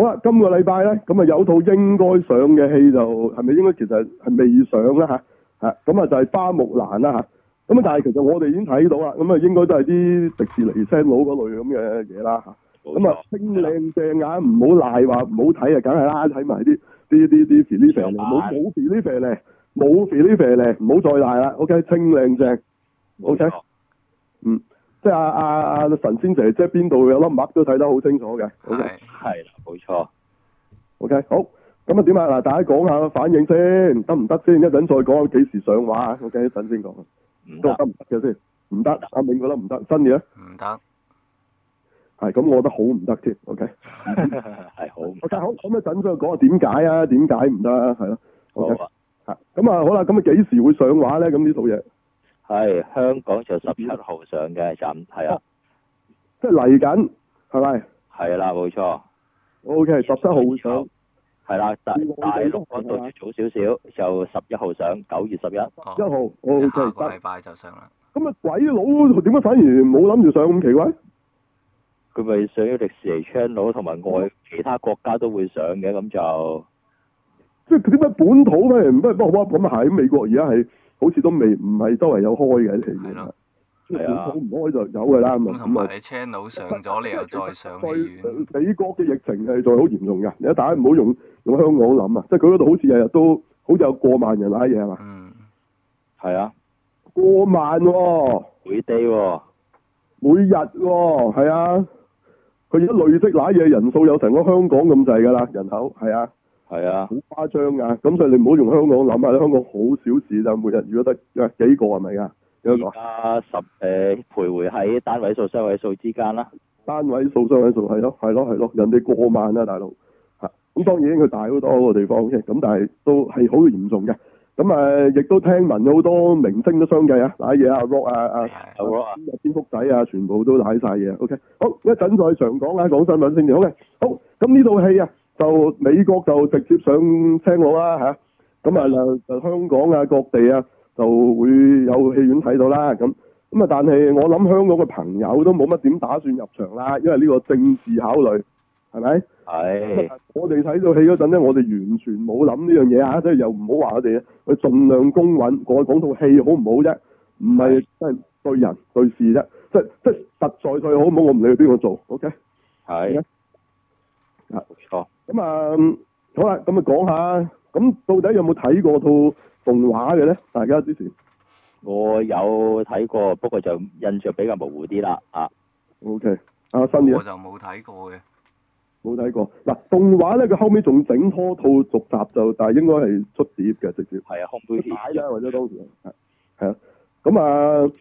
好啦，今個禮拜咧，咁啊有套應該上嘅戲就係咪應該其實係未上啦吓，吓咁啊就係、是、花木蘭啦吓，咁啊但係其實我哋已經睇到啦，咁啊應該都係啲迪士尼 send 佬嗰類咁嘅嘢啦吓。咁啊清靚正眼唔好賴話唔好睇啊，梗係啦，睇埋啲啲啲啲 p h i l 咧，冇咧，冇咧，唔好再賴啦，OK 清靚正，OK，嗯。即係阿阿神仙姐姐，即係邊度有粒癦都睇得好清楚嘅，係係啦，冇、okay? 錯。OK，好，咁啊點啊？嗱，大家講下個反應先，得唔得先？一陣再講幾時上畫、okay? 啊！我一陣先講。都得，唔得嘅先？唔得，阿銘覺得唔得，真嘅。唔得。係，咁我覺得好唔得添。OK、 嗯。係 好。我但好，一陣再講下點解啊？點解唔得？係咯。Okay? 好啊。吓、啊，咁啊好啦，咁啊幾時會上畫咧？咁呢套嘢。係香港就十七號上嘅，就、嗯、係啊，即係嚟緊，係咪？係啦、啊，冇錯。O K，十七號上，係啦、啊啊，大陸度到早少少、嗯、就十一號上，九月十、哦哦、一一號，下個禮拜就上啦。咁啊鬼佬，點解反而冇諗住上咁奇怪？佢咪上咗迪士尼、channel 同埋外其他國家都會上嘅，咁就即係佢點解本土咩唔不唔好啊？咁啊喺美國而家係。好似都未唔係周圍有開嘅，係咯，政府唔開就有㗎啦。咁同埋車佬上咗，你又再上醫院。美國嘅疫情係再好嚴重㗎，你一打唔好用用香港諗啊，即係佢嗰度好似日日都，好似有過萬人瀨嘢係嘛？嗯，係啊，過萬喎、哦，每地喎、哦，每日喎、哦，係啊，佢而家累積瀨嘢人數有成個香港咁滯㗎啦，人口係啊。係啊，好誇張噶，咁所以你唔好用香港諗下，香港好少事咋，每日如果得誒幾個係咪啊？有冇啊？十誒徘徊喺單位數、雙位數之間啦，單位數、雙位數係咯，係咯，係咯，人哋過萬啊，大佬，吓，咁當然佢大好多個地方嘅，咁、okay, 但係都係好嚴重嘅，咁誒亦都聽聞有好多明星都相繼啊，打嘢啊，Rock 啊啊，蝙、啊、蝠、啊、仔啊，全部都瀨晒嘢，OK，好，一陣再詳講啦，講新聞先，OK，好，咁呢套戲啊。就美國就直接上青龍啦嚇，咁啊嗱，香港啊，啊，啊，啊，啊各地啊就會有戲院睇到啦咁。咁啊，啊，但係我諗香港嘅朋友都冇乜點打算入場啦，因為呢個政治考慮係咪？係。我哋睇到戲嗰陣咧，我哋完全冇諗呢樣嘢啊，即係又唔好話我哋啊，佢盡量公允講講套戲好唔好啫？唔係真係對人對事啫，即即實在再好唔好，我唔理邊個做，OK？係。啊、okay?，冇咁、嗯、啊，好啦，咁啊講下，咁到底有冇睇過套動畫嘅咧？大家之前我有睇過，不過就印象比較模糊啲啦。啊，O K，阿新我就冇睇過嘅，冇睇過。嗱、啊，動畫咧，佢後尾仲整拖套續集就，但係應該係出碟嘅直接。係啊，紅背鐵啦，或者當時係 啊，咁、嗯、啊，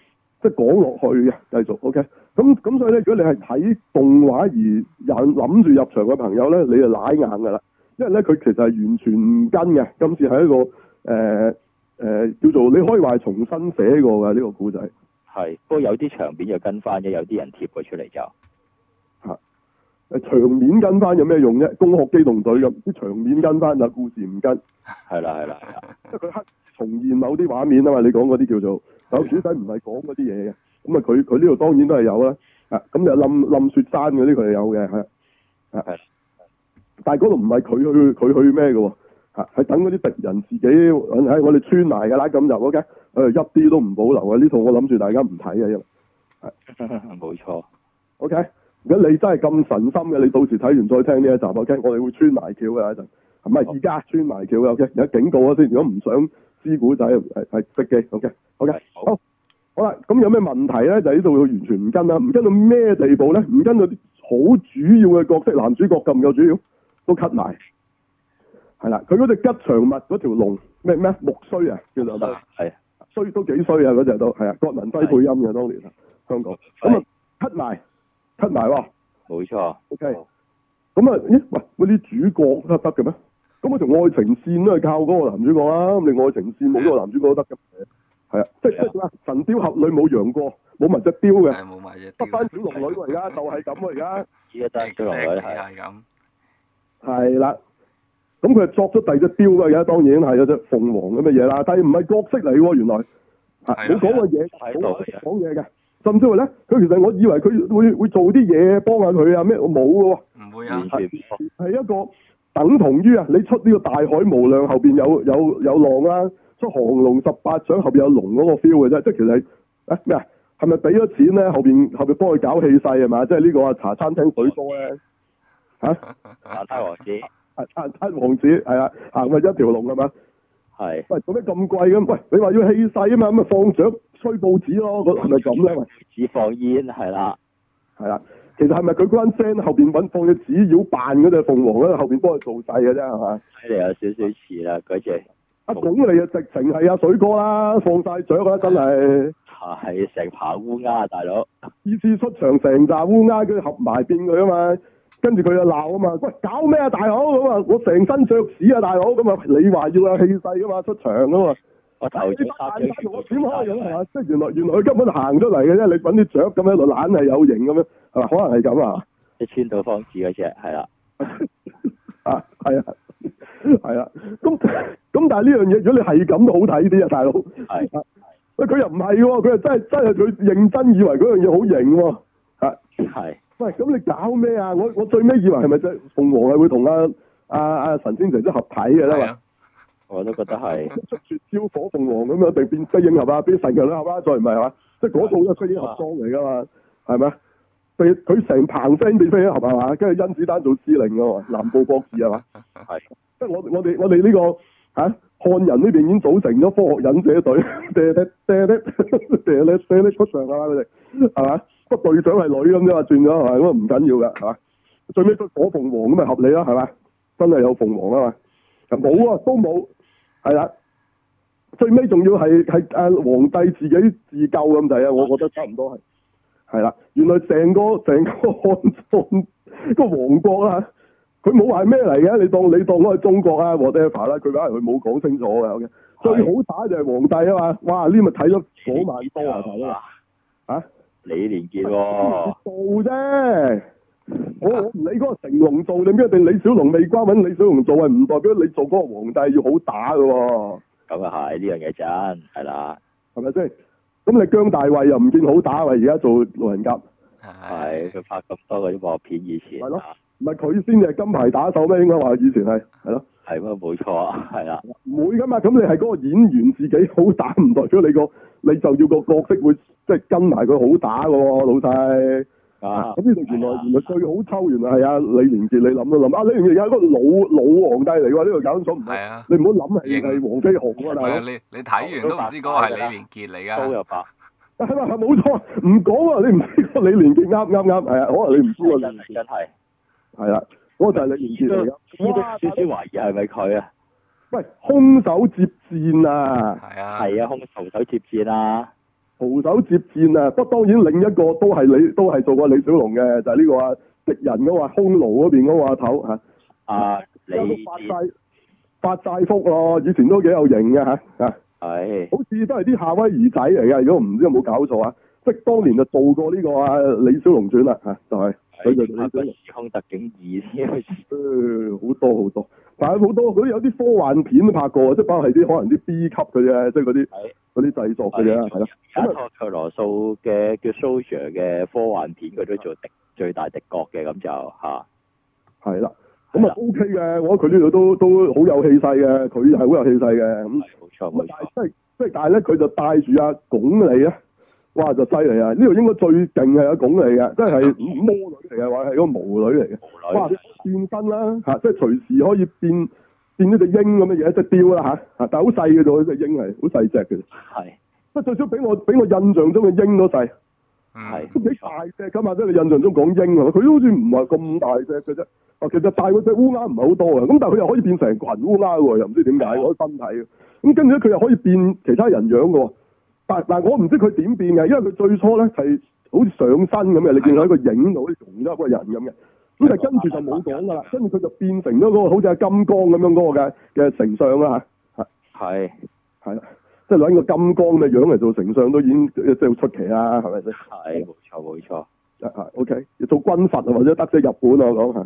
即係講落去嘅，繼續，O K。Okay 咁咁所以咧，如果你係睇動畫而入諗住入場嘅朋友咧，你就舐硬噶啦，因為咧佢其實係完全唔跟嘅。今次係一個誒誒、呃呃、叫做，你可以話係重新寫過嘅呢、這個故仔。係，不過有啲場面就跟翻嘅，有啲人貼佢出嚟就嚇。誒、啊、場面跟翻有咩用啫？《攻殼機動隊》咁啲場面跟翻就故事唔跟。係啦，係啦，係啦。即係佢刻重現某啲畫面啊嘛？你講嗰啲叫做有主仔唔係講嗰啲嘢嘅。咁啊，佢佢呢度當然都係有啦，咁就冧冧雪山嗰啲佢有嘅。係，啊係，但係嗰度唔係佢去佢去咩嘅喎，係等嗰啲敵人自己喺、哎、我哋穿埋㗎啦，咁就 OK，誒、呃、一啲都唔保留啊！呢套我諗住大家唔睇嘅，啊，冇 錯，OK，如果你真係咁神心嘅，你到時睇完再聽呢一集，OK，我哋會穿埋橋嘅一陣，唔係而家穿埋橋嘅，okay, 而家警告啊先，如果唔想知古仔熄機，OK，OK，好。好好啦，咁有咩問題咧？就呢度完全唔跟啦，唔跟到咩地步咧？唔跟到啲好主要嘅角色，男主角咁有主要都 cut 埋，係啦。佢嗰隻吉祥物嗰條龍咩咩木鬚啊叫做咩？係，衰都幾衰啊！嗰隻都係啊，郭文輝配音嘅當年香港。咁啊 cut 埋，cut 埋喎。冇錯。OK。咁啊、okay，咦？喂，嗰啲主角都得嘅咩？咁啊，條愛情線都係靠嗰個男主角啦。咁，你愛情線冇咗個男主角都得嘅。係啊，即係啊，啊？神雕俠女冇楊過，冇埋、啊、隻雕嘅，冇埋隻，得翻小龍女嚟噶，就係、是、咁啊，而家而家小龍女係係咁，係啦、啊，咁佢係作咗第二隻雕嘅，而家當然係有隻鳳凰咁嘅嘢啦，但係唔係角色嚟，原來係，好講嘢，好識講嘢嘅，甚至乎咧，佢其實我以為佢會會做啲嘢幫下佢啊咩，我冇噶喎，唔會啊，係係一個等同於啊，你出呢個大海無量後邊有有有浪啦、啊。出降龍十八掌後邊有龍嗰個 feel 嘅啫，即係其實你誒咩係咪俾咗錢咧？後邊後邊幫佢搞氣勢係嘛？即係呢、這個茶餐廳水多咧吓？啊，七王子，啊七王子係啊，行、啊、埋一條龍係嘛？係喂，做咩咁貴嘅？喂，你話要氣勢啊嘛，咁咪放掌吹報紙咯，係咪咁咧？是放煙係啦，係啦，其實係咪佢嗰班 friend 後邊搵放隻紙妖扮嗰隻鳳凰咧？後邊幫佢做晒嘅啫，係嘛？睇嚟有少少似啦，隻、啊。咁拱嚟啊，直情係阿水哥啦，放晒雀啦，真係係成排烏鴉啊，大佬！呢次出場成紮烏鴉，佢合埋邊佢啊嘛，跟住佢就鬧啊嘛，喂，搞咩啊？大佬咁啊，我成身雀屎啊，大佬咁啊，你話要有氣勢噶嘛，出場噶嘛？我頭先啱啱我點開咗係即係原來原來佢根本行出嚟嘅啫，你搵啲雀咁喺度懶係有型咁樣可能係咁啊？你穿到方志嗰隻係啦，啊係 啊。係 啦、啊，咁咁但係呢樣嘢，如果你係咁都好睇啲啊，大佬係喂佢又唔係，佢又真係真係佢認真以為嗰樣嘢好型喎吓係喂咁你搞咩啊？我我最尾以為係咪即係鳳凰係會同阿阿阿神仙姐姐合體嘅咋嘛？我都覺得係出住燒火鳳凰咁樣被變雙影合啊，變神人合啦，再唔係係嘛，即係嗰套都雙啲合裝嚟噶嘛，係咪？佢佢成棚飛被飛啊，係嘛，跟住甄子丹做司令啊，嘛，南部博士係嘛，係，即係我我哋我哋呢、這個吓、啊、漢人呢邊已經組成咗科學忍者隊，射呢射呢射呢出場啊，佢哋係嘛，個隊長係女咁啫嘛，轉咗係咁啊，唔緊要噶係嘛，最尾再火鳳凰咁咪合理啦係嘛，真係有鳳凰啊嘛，冇啊都冇，係啦，最尾仲要係係誒皇帝自己自救咁就係啊，我覺得差唔多係。係啦，原來成個成個漢中個王國啊，佢冇話咩嚟嘅，你當你當我係中國啊，whatever 啦，佢冇講清楚嘅，最好打就係皇帝啊嘛，哇呢咪睇咗幾萬刀啊睇啊，你哦、啊李連杰喎、哦啊、做啫，我我唔理嗰個成龍做定咩定李小龍未關，搵李小龍做係唔代表你做嗰個皇帝要好打噶，咁啊係呢樣嘢真係啦，係咪先？咁你姜大衛又唔見好打喎，而家做路人甲。係，佢拍咁多嗰呢惡片以前、啊。係咯，唔係佢先至係金牌打手咩？應該話以前係，係咯。係咩？冇錯。係啦。唔會噶嘛，咁你係嗰個演員自己好打唔代表你個，你就要個角色會即係跟埋佢好打嘅喎、哦，老細。啊！咁呢度原來原來最好抽原來係啊。李連杰你諗咯，諗啊，李連杰有一個老老皇帝嚟嘅，呢度搞緊數，唔係啊？你唔好諗係係黃飛鴻啊、嗯嗯、啊！係啊，你你睇完都唔知嗰個係李連杰嚟噶，講入化。係啊冇錯，唔講啊！你唔知個李連杰啱啱啱係啊！我話你唔知啊！你知啊真係係啦，嗰、嗰個就係李連杰嚟。呢度少少懷疑係咪佢啊？喂，空手接箭啊！係啊！係啊，空手接箭啊！徒手接戰啊！不，當然另一個都係李，都係做過李小龍嘅，就係、是、呢個啊，敵人嗰個匈奴嗰邊嗰個阿頭嚇。啊，李，發曬，發曬福咯！以前都幾有型嘅嚇啊。係、hey。好似都係啲夏威夷仔嚟嘅，如果唔知道有冇搞錯啊？即係當年就做過呢個啊《李小龍傳》啦嚇，就係。佢就拍咗《時空特警二。》 嗯，好多好多，但係好多佢有啲科幻片都拍過，即包括係啲可能啲 B 級嘅啫，即係嗰啲嗰啲製作嘅。係咯，而家托克羅素嘅叫 Social 嘅科幻片，佢都做敵最大敵國嘅咁就吓。係啦，咁啊的 OK 嘅，我覺得佢呢度都都好有氣勢嘅，佢係好有氣勢嘅咁。冇錯，冇錯。即係即係，但係咧，佢就帶住阿鞏俐啊。哇！就犀利啊！呢度應該最勁係阿拱嚟嘅，即係魔女嚟嘅，或係個巫女嚟嘅。巫女哇！變身啦嚇，即係隨時可以變變咗隻鷹咁嘅嘢，一係雕啦嚇，但係好細嘅啫喎，隻鷹係好細隻嘅。係即係最少俾我俾我印象中嘅鷹都細。係都大隻噶嘛？即係你印象中講鷹啊，佢好似唔係咁大隻嘅啫。啊，其實大嗰隻烏鴉唔係好多嘅，咁但係佢又可以變成群烏鴉喎，又唔知點解嗰個身體。咁跟住咧，佢又可以變其他人樣嘅。但嗱，我唔知佢點變嘅，因為佢最初咧係好似上身咁嘅，你見到喺個影度好似融合個人咁嘅，咁就跟住就冇講噶啦，跟住佢就，就變成咗嗰個好似阿金剛咁樣嗰個嘅嘅丞相啦嚇，係係咯，即係攞個金剛嘅樣嚟做丞相，都已經即係好出奇啦，係咪先？係冇錯冇錯，係 OK，做軍閥或者得罪日本啊講嚇。我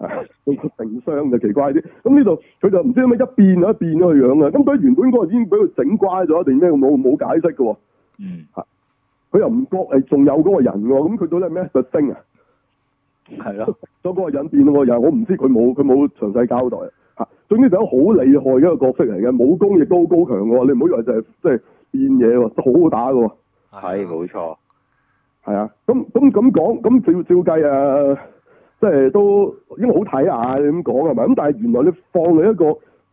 啊，呢個定傷就奇怪啲，咁呢度佢就唔知點解一變一變咗個樣啊，咁佢原本嗰個已經俾佢整乖咗，定咩冇冇解釋嘅？嗯，吓，佢又唔覺誒，仲有嗰個人㖏，咁佢到底係咩特徵啊？係咯，當嗰 個人變又我唔知佢冇佢冇詳細交代吓，總之就好厲害嘅一個角色嚟嘅，武功亦都好高強，你唔好以為就係即係變嘢，都好好打嘅。係冇錯，係啊，咁咁咁講，咁照照計誒。即係都應該好睇下你咁講係咪？咁但係原來你放喺一個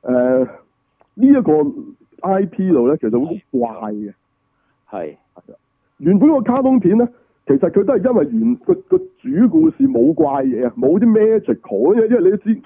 誒呢一個 IP 度咧，其實好怪嘅。係。原本個卡通片咧，其實佢都係因為原個個主故事冇怪嘢啊，冇啲 magical 嘅，因為你都知，即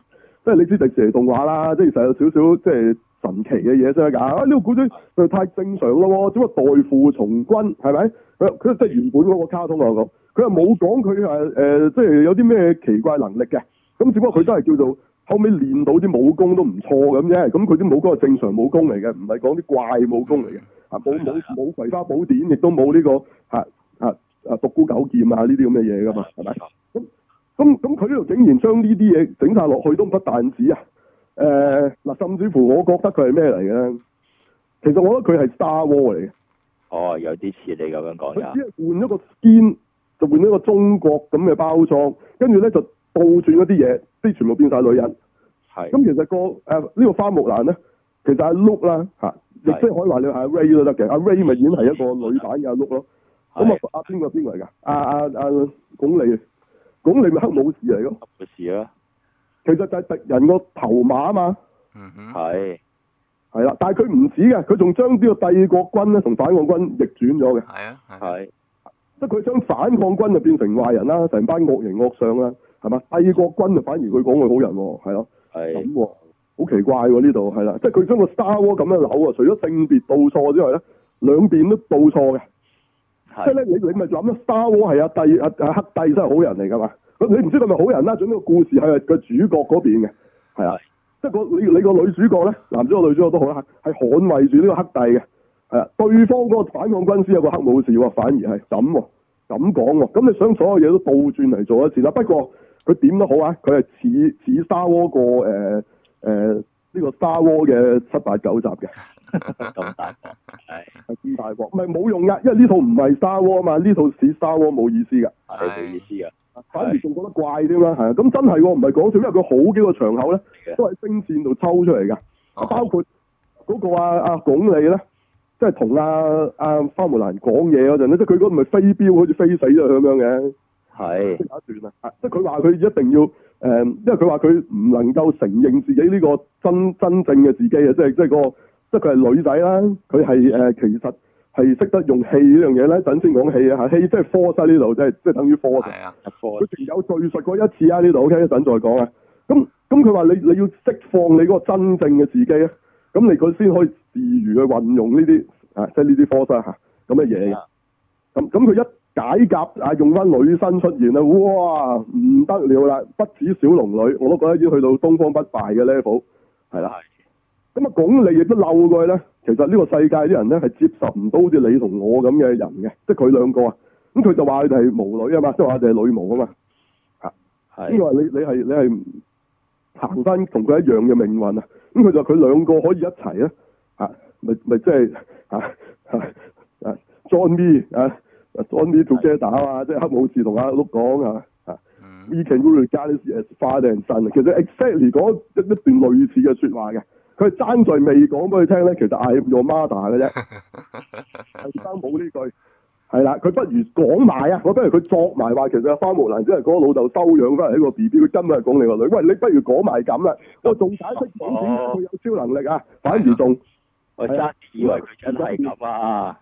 係你知迪士尼動畫啦，即係其實有少少即係。神奇嘅嘢先得噶，呢、啊這個古仔就太正常咯，只不過代父從軍係咪？佢佢即係原本嗰個卡通嚟咁。佢又冇講佢話誒，即係有啲咩奇怪能力嘅，咁只不過佢都係叫做後尾練到啲武功都唔錯咁啫，咁佢啲武功係正常武功嚟嘅，唔係講啲怪武功嚟嘅，啊冇冇冇葵花寶典，亦都冇呢、這個吓吓啊獨、啊、孤九劍啊呢啲咁嘅嘢噶嘛，係咪？咁咁咁佢呢度竟然將呢啲嘢整晒落去都唔得彈子啊！誒，嗱，甚至乎我覺得佢係咩嚟嘅？其實我覺得佢係 Star War 嚟嘅。哦，有啲似你咁樣講佢只係換咗個 n 就換咗個中國咁嘅包裝，跟住咧就倒轉一啲嘢，啲全部變晒女人。係。咁、嗯、其實、那個誒呢、啊這個花木蘭咧，其實阿 Luke 啦吓，亦即係可以能你係阿 Ray 都得嘅，阿 Ray 咪已演係一個女版嘅阿 Luke 咯。咁啊，阿邊個邊嚟噶？阿阿阿鞏俐啊，鞏俐咪黑武士嚟咯。其實就係敵人個頭馬啊嘛，嗯哼，係係啦，但係佢唔止嘅，佢仲將呢個帝國軍咧同反抗軍逆轉咗嘅，係啊，係，即係佢將反抗軍就變成壞人啦，成班惡形惡相啦，係嘛，帝國軍就反而佢講佢好人，係咯，係，咁，好奇怪喎呢度，係啦，即係佢將個 star 窩咁樣扭啊，除咗性別倒錯之外咧，兩邊都倒錯嘅。係啊，即係咧，你你咪諗咯。沙窩係阿帝阿阿黑帝真係好人嚟噶嘛？咁你唔知佢係咪好人啦？總之個故事係個主角嗰邊嘅，係啊。即係個你你個女主角咧，男主角女主角都好喎，係捍衛住呢個黑帝嘅。係啊，對方嗰個反抗軍先有個黑武士喎，反而係咁咁講喎。咁、喔、你想所有嘢都倒轉嚟做一次啦？不過佢點都好啊，佢係似似沙窩個誒誒呢個沙窩嘅七八九集嘅。咁 大鑊係係咁大鑊，唔係冇用噶，因為呢套唔係沙窩啊嘛，呢套似沙窩冇意思噶，係冇意思噶，反而仲覺得怪添啦，係、哎、啊，咁真係我唔係講笑，因為佢好幾個場口咧，都喺星戰度抽出嚟噶、哦，包括嗰個阿阿鞏俐咧，即係同阿阿花木蘭講嘢嗰陣咧，即係佢嗰唔係飛鏢好似飛死咗咁樣嘅，係、哎，即係啊，即係佢話佢一定要誒、呃，因為佢話佢唔能夠承認自己呢個真真正嘅自己啊，即係即係、那個。即係佢係女仔啦，佢係誒其實係識得用氣呢樣嘢咧，等陣先講氣啊，氣即係 force 呢度，即係即係等於 force。係啊，force。佢仲有敍述過一次啊，呢度 OK，一陣再講啊。咁咁佢話你你要釋放你嗰個真正嘅自己啊，咁你佢先可以自如去運用呢啲啊，即係呢啲 force 咁嘅嘢，咁咁佢一解甲啊，用翻女生出現啊。哇唔得了啦，不止小龍女，我都覺得已經去到東方不敗嘅 level 係啦、啊。是咁啊鞏俐亦都嬲過去呢。其實呢個世界啲人呢，係接受唔到啲你同我咁嘅人嘅即係佢兩個啊咁佢就話你哋係巫女啊嘛即係話你哋係女巫啊嘛吓係呢個你你係你係行翻同佢一樣嘅命運啊咁佢就佢兩個可以一齊啊吓咪、就是啊啊啊、即係啊啊 join me join me 做 ja 打啊即係黑武士同阿碌講啊啊 we can go as far as sun, 其實 exactly 嗰一段類似嘅說話嘅佢爭在未講俾佢聽咧，其實係用 mother 嘅啫，係生冇呢句，係啦，佢不如講埋啊！我不如佢作埋話，其實花木蘭只係個老豆收養翻嚟一個 B B，佢真係講你個女。喂，你不如講埋咁啦，我仲解釋講點佢有超能力啊？反而仲我以為佢真係啊！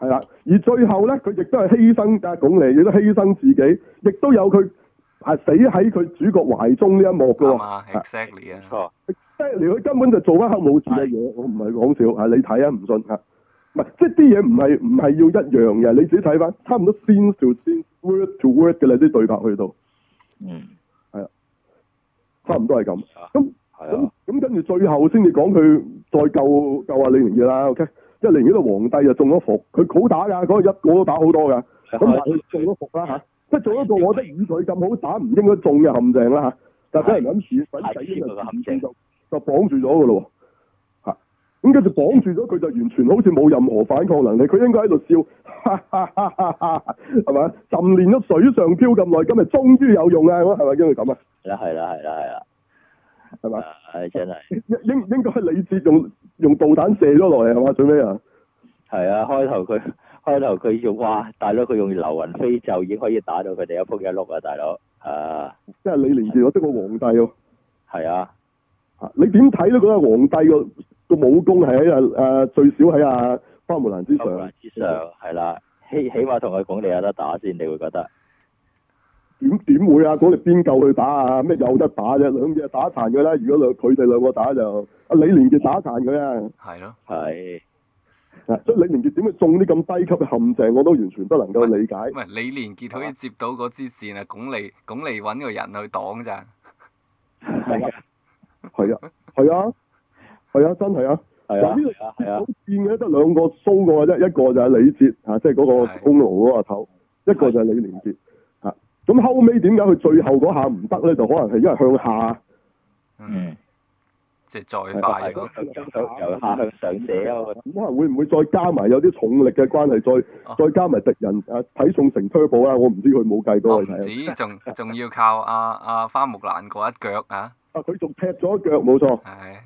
係啦，而最後咧，佢亦都係犧牲㗎！鞏俐亦都犧牲自己，亦都有佢係死喺佢主角懷中呢一幕嘅喎。Exactly 啊！即係佢根本就做一刻冇事嘅嘢，我唔係講笑嚇，你睇啊，唔信嚇，唔、啊、係即係啲嘢唔係唔係要一樣嘅。你自己睇翻，差唔多先條先。word to word 嘅你啲對白去到，嗯，係啊，差唔多係咁。咁咁跟住最後先至講佢再救救下李連杰啦。O K，即係李連杰個皇帝就中咗伏，佢好打㗎，嗰一嗰都打好多㗎。咁埋佢中咗伏啦嚇，即係、啊啊啊啊啊啊、做一個我，我覺得以佢咁好打唔應該中嘅陷阱啦嚇、啊啊，但係有人咁選，使先呢個陷阱度。就綁住咗噶咯，吓咁跟住綁住咗佢就完全好似冇任何反抗能力，佢應該喺度笑，係咪？浸練咗水上漂咁耐，今日終於有用啊，係咪因為咁啊？係啦，係啦，係啦，係啦，係嘛？係真係應應該理智用用導彈射咗落嚟，係嘛？最尾啊！係啊，開頭佢開頭佢要。哇，大佬佢用流雲飛就已經可以打到佢哋一扑一碌啊，大佬啊！即係李連杰，得個皇帝哦，係啊。你點睇都覺得皇帝個武功係喺阿，誒最少喺阿花木蘭之上，之上係啦，起起碼同佢講你有得打先，你會覺得點點會啊？講你邊夠去打啊？咩有得打啫，啊？兩嘢打殘佢啦！如果佢哋兩個打就阿李連杰打殘佢啦，係咯，係啊，所以李連杰點去送啲咁低級嘅陷阱，我都完全不能夠理解。唔係李連杰可以接到嗰支箭啊，鞏俐鞏俐搵個人去擋咋？係 。係啊，係啊，係啊，真係啊，係啊，係啊，好賤嘅，得兩個鬆過嘅啫，一個就係李哲吓，即係嗰個功勞嗰個頭、啊，一個就係李連杰吓。咁後尾點解佢最後嗰下唔得咧？就可能係因為向下，嗯，即係再快，由下向上斜啊！咁、那、能、個啊啊啊、會唔會再加埋有啲重力嘅關係？再、啊、再加埋敵人啊？睇宋城吹寶啦！我唔知佢冇計嗰個嘢，仲仲要靠阿阿花木蘭嗰一腳啊！啊！佢仲踢咗一腳，冇錯，係，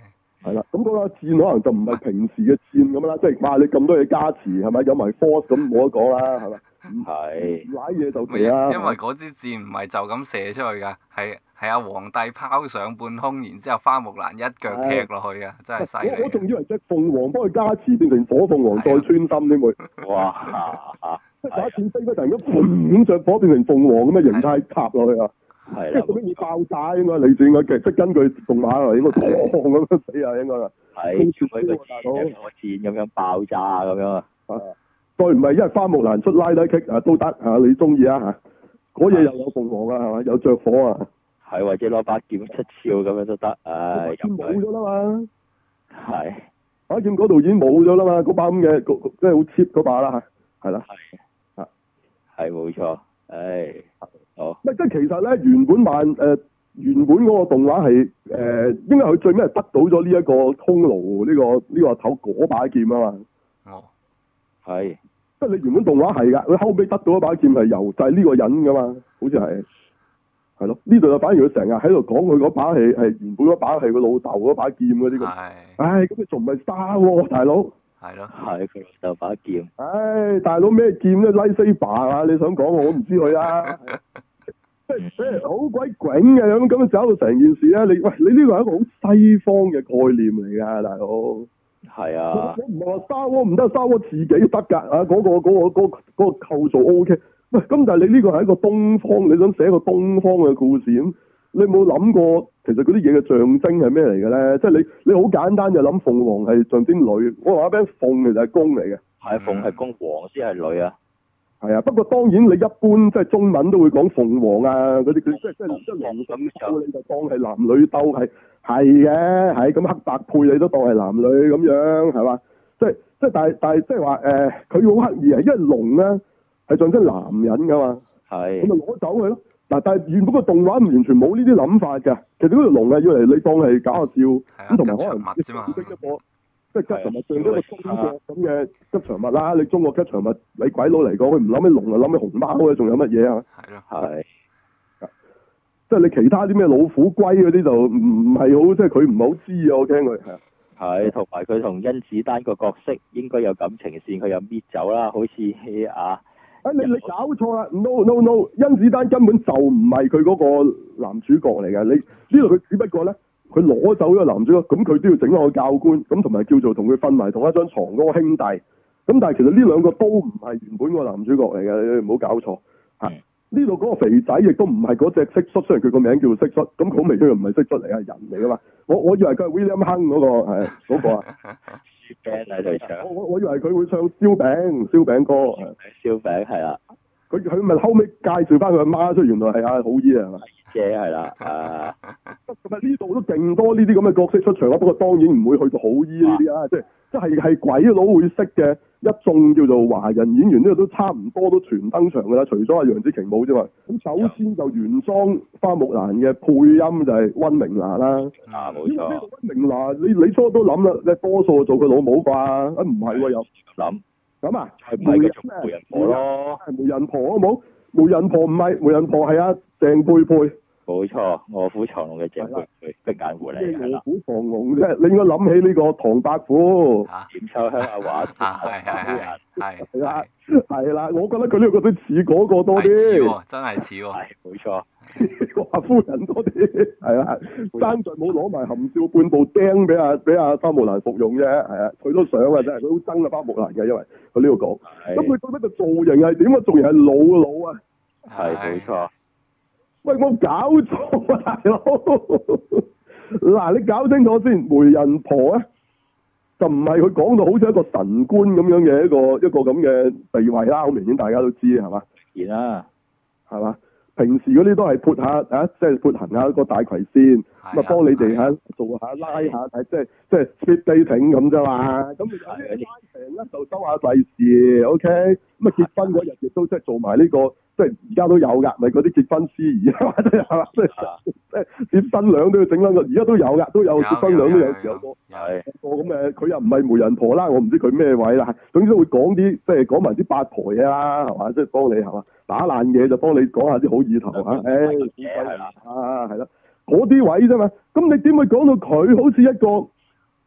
係啦。咁、嗯、嗰、嗰個箭可能就唔係平時嘅箭咁啦，即係哇！你咁多嘢加持，係咪有埋 force 咁冇得講啦？係咪？唔係。玩嘢就未啊！因為嗰支箭唔係就咁射出去㗎，係係阿皇帝拋上半空，然之後花木蘭一腳踢落去啊！真係犀利。我我仲以為隻鳳凰幫佢加持，變成火鳳凰再穿心添佢、啊啊。哇！ 啊、即係把箭飛出嚟，突然間嘣著火，變成鳳凰咁嘅形態插落去啊！係好中爆炸，應該你轉嗰劇，即係根據動畫嚟，應該火咁樣死啊，應該啊，高潮嗰啲，火箭咁樣爆炸咁樣啊，再唔係，因為花木蘭出、嗯、拉低劇啊都得啊，你中意啊吓，嗰嘢又有鳳凰啊，係嘛，又着火啊，係或者攞把劍出鞘咁樣都得，唉，冇咗啦嘛，係，把劍嗰度已經冇咗啦嘛，嗰把咁嘅，即係好 cheap 嗰把啦吓，係咯，係，係，係冇錯，唉。哦，即係其實咧，原本漫誒，原本嗰個動畫係誒，因為佢最尾係得到咗呢一個通路呢、這個呢、這個頭把劍啊嘛。哦，係，即係你原本動畫係噶，佢後尾得到一把劍係由製呢、就是、個人噶嘛，好似係，係咯，呢度就反而佢成日喺度講佢嗰把係係原本嗰把係佢老豆嗰把劍嘅呢個，係，唉、哎，咁你仲唔係沙喎大佬？係咯，係佢老豆把劍。唉，大佬咩劍咧？拉西把啊，你想講我唔知佢啊。 即係好鬼囧嘅咁，咁、 嗯、樣走到成件事咧。你喂，你呢個係一個好西方嘅概念嚟噶，大佬。係啊。我唔係話沙鍋唔得沙鍋自己得噶吓，嗰、那個嗰、那個、那個那個構造 O K。喂，咁但係你呢個係一個東方，你想寫一個東方嘅故事咁，你有冇諗過其實嗰啲嘢嘅象徵係咩嚟嘅咧？即、就、係、是、你你好簡單就諗鳳凰係象徵女。我話俾你聽，鳳其實係公嚟嘅，係鳳係公，凰先係女啊。係啊，不過當然你一般即係中文都會講鳳凰啊啲，佢即係即係即係龍咁你就當係男女斗係係嘅，係咁黑白配你都當係男女咁樣，係嘛？即係即係但係但係即係話誒，佢、呃、好刻意啊，因為龍咧係象徵男人噶嘛，係咁咪攞走佢咯。嗱，但係原本個動畫唔完全冇呢啲諗法嘅，其實嗰條龍啊要嚟你當係搞下笑，咁同埋可能一啲一啲一。即係吉祥物，最緊要中國咁嘅吉祥物啦。你中國吉祥物，你鬼佬嚟講，佢唔諗起龍啊，諗起熊貓仲有乜嘢啊？係咯，係。即係你其他啲咩老虎龜嗰啲就唔唔係好，即係佢唔係好知啊！我聽佢係，同埋佢同甄子丹個角色應該有感情線，佢又搣走啦，好似戲啊。誒你你搞錯啦！No no no！甄子丹根本就唔係佢嗰個男主角嚟嘅。你呢度佢只不過咧。佢攞走咗男主角，咁佢都要整我個教官，咁同埋叫做同佢瞓埋同一張床嗰個兄弟，咁但係其實呢兩個都唔係原本個男主角嚟嘅，你唔好搞錯吓。呢度嗰個肥仔亦都唔係嗰隻色叔蟋蟀，雖然佢個名叫蟋蟀，咁好明顯唔係蟋蟀嚟，係人嚟噶嘛。我我以為佢係 William Hung 嗰個嗰個啊，燒餅啊唱。我以為佢、嗰個 嗰個、 會唱燒餅燒餅歌，燒餅係啦。是佢佢咪後尾介紹翻佢阿媽出，原來係阿好姨啊，係嘛？啫，係啦，啊，咁啊呢度都勁多呢啲咁嘅角色出場啊，不過當然唔會去到好姨呢啲啊，即係即係係鬼佬會識嘅一眾叫做華人演員呢度、呢個、都差唔多都全登場㗎啦，除咗阿楊紫瓊冇之外。咁首先就原裝花木蘭嘅配音就係、係、温明娜啦，啊冇錯温明娜，你你初都諗啦，你多數做佢老母啩？啊唔係喎又諗。 咁啊，係咩媒人婆咯，媒人婆好冇？媒人婆唔係，媒人婆係啊，鄭佩佩。冇錯，卧虎藏龍嘅借句，逼、啊、眼胡嚟啦。卧虎藏龍啫，你應該諗起呢個唐伯虎，點、啊、秋香話 啊，華、啊。係係係係。係啦、啊，係啦、啊啊啊啊，我覺得佢呢個都似嗰個多啲。真係似喎。係冇、啊、錯。華 夫人多啲。係啦、啊，爭在冇攞埋含笑半步釘俾阿俾阿花木蘭服用啫。係啊，佢都想啊，真係佢好憎啊花木蘭嘅，因為佢呢度講。咁佢到底個造型係點啊？造型係老老啊。係冇錯。喂，冇搞錯啊，大佬！嗱， 你搞清楚先，媒人婆咧就唔係佢講到好似一個神官咁樣嘅一個一個咁嘅地位啦，好明顯大家都知係嘛？然啦，係嘛、啊？平時嗰啲都係潑下啊，即係潑行一下一個大葵扇，咁、哎哎、啊，幫你哋吓做下拉下，拉下即係即係 speed dating 咁啫嘛。咁而家拉成一度收下費事，OK？咁、嗯、啊，結婚嗰日亦都即係做埋呢、這個。即係而家都有噶，咪嗰啲結婚司儀、 就是、啊，即係即係結新娘都要整撚個，而家都有噶，都有，有的結婚兩都有有時有個咁嘅。佢又唔係媒人婆啦，我唔知佢咩位啦。總之都會講啲，即係講埋啲八婆嘢啦，係嘛，即係幫你係嘛，打爛嘢就幫你講下啲好意頭嚇。唉、嗯、係、哎、啦，啊係啦，嗰啲位啫嘛。咁你點會講到佢好似一個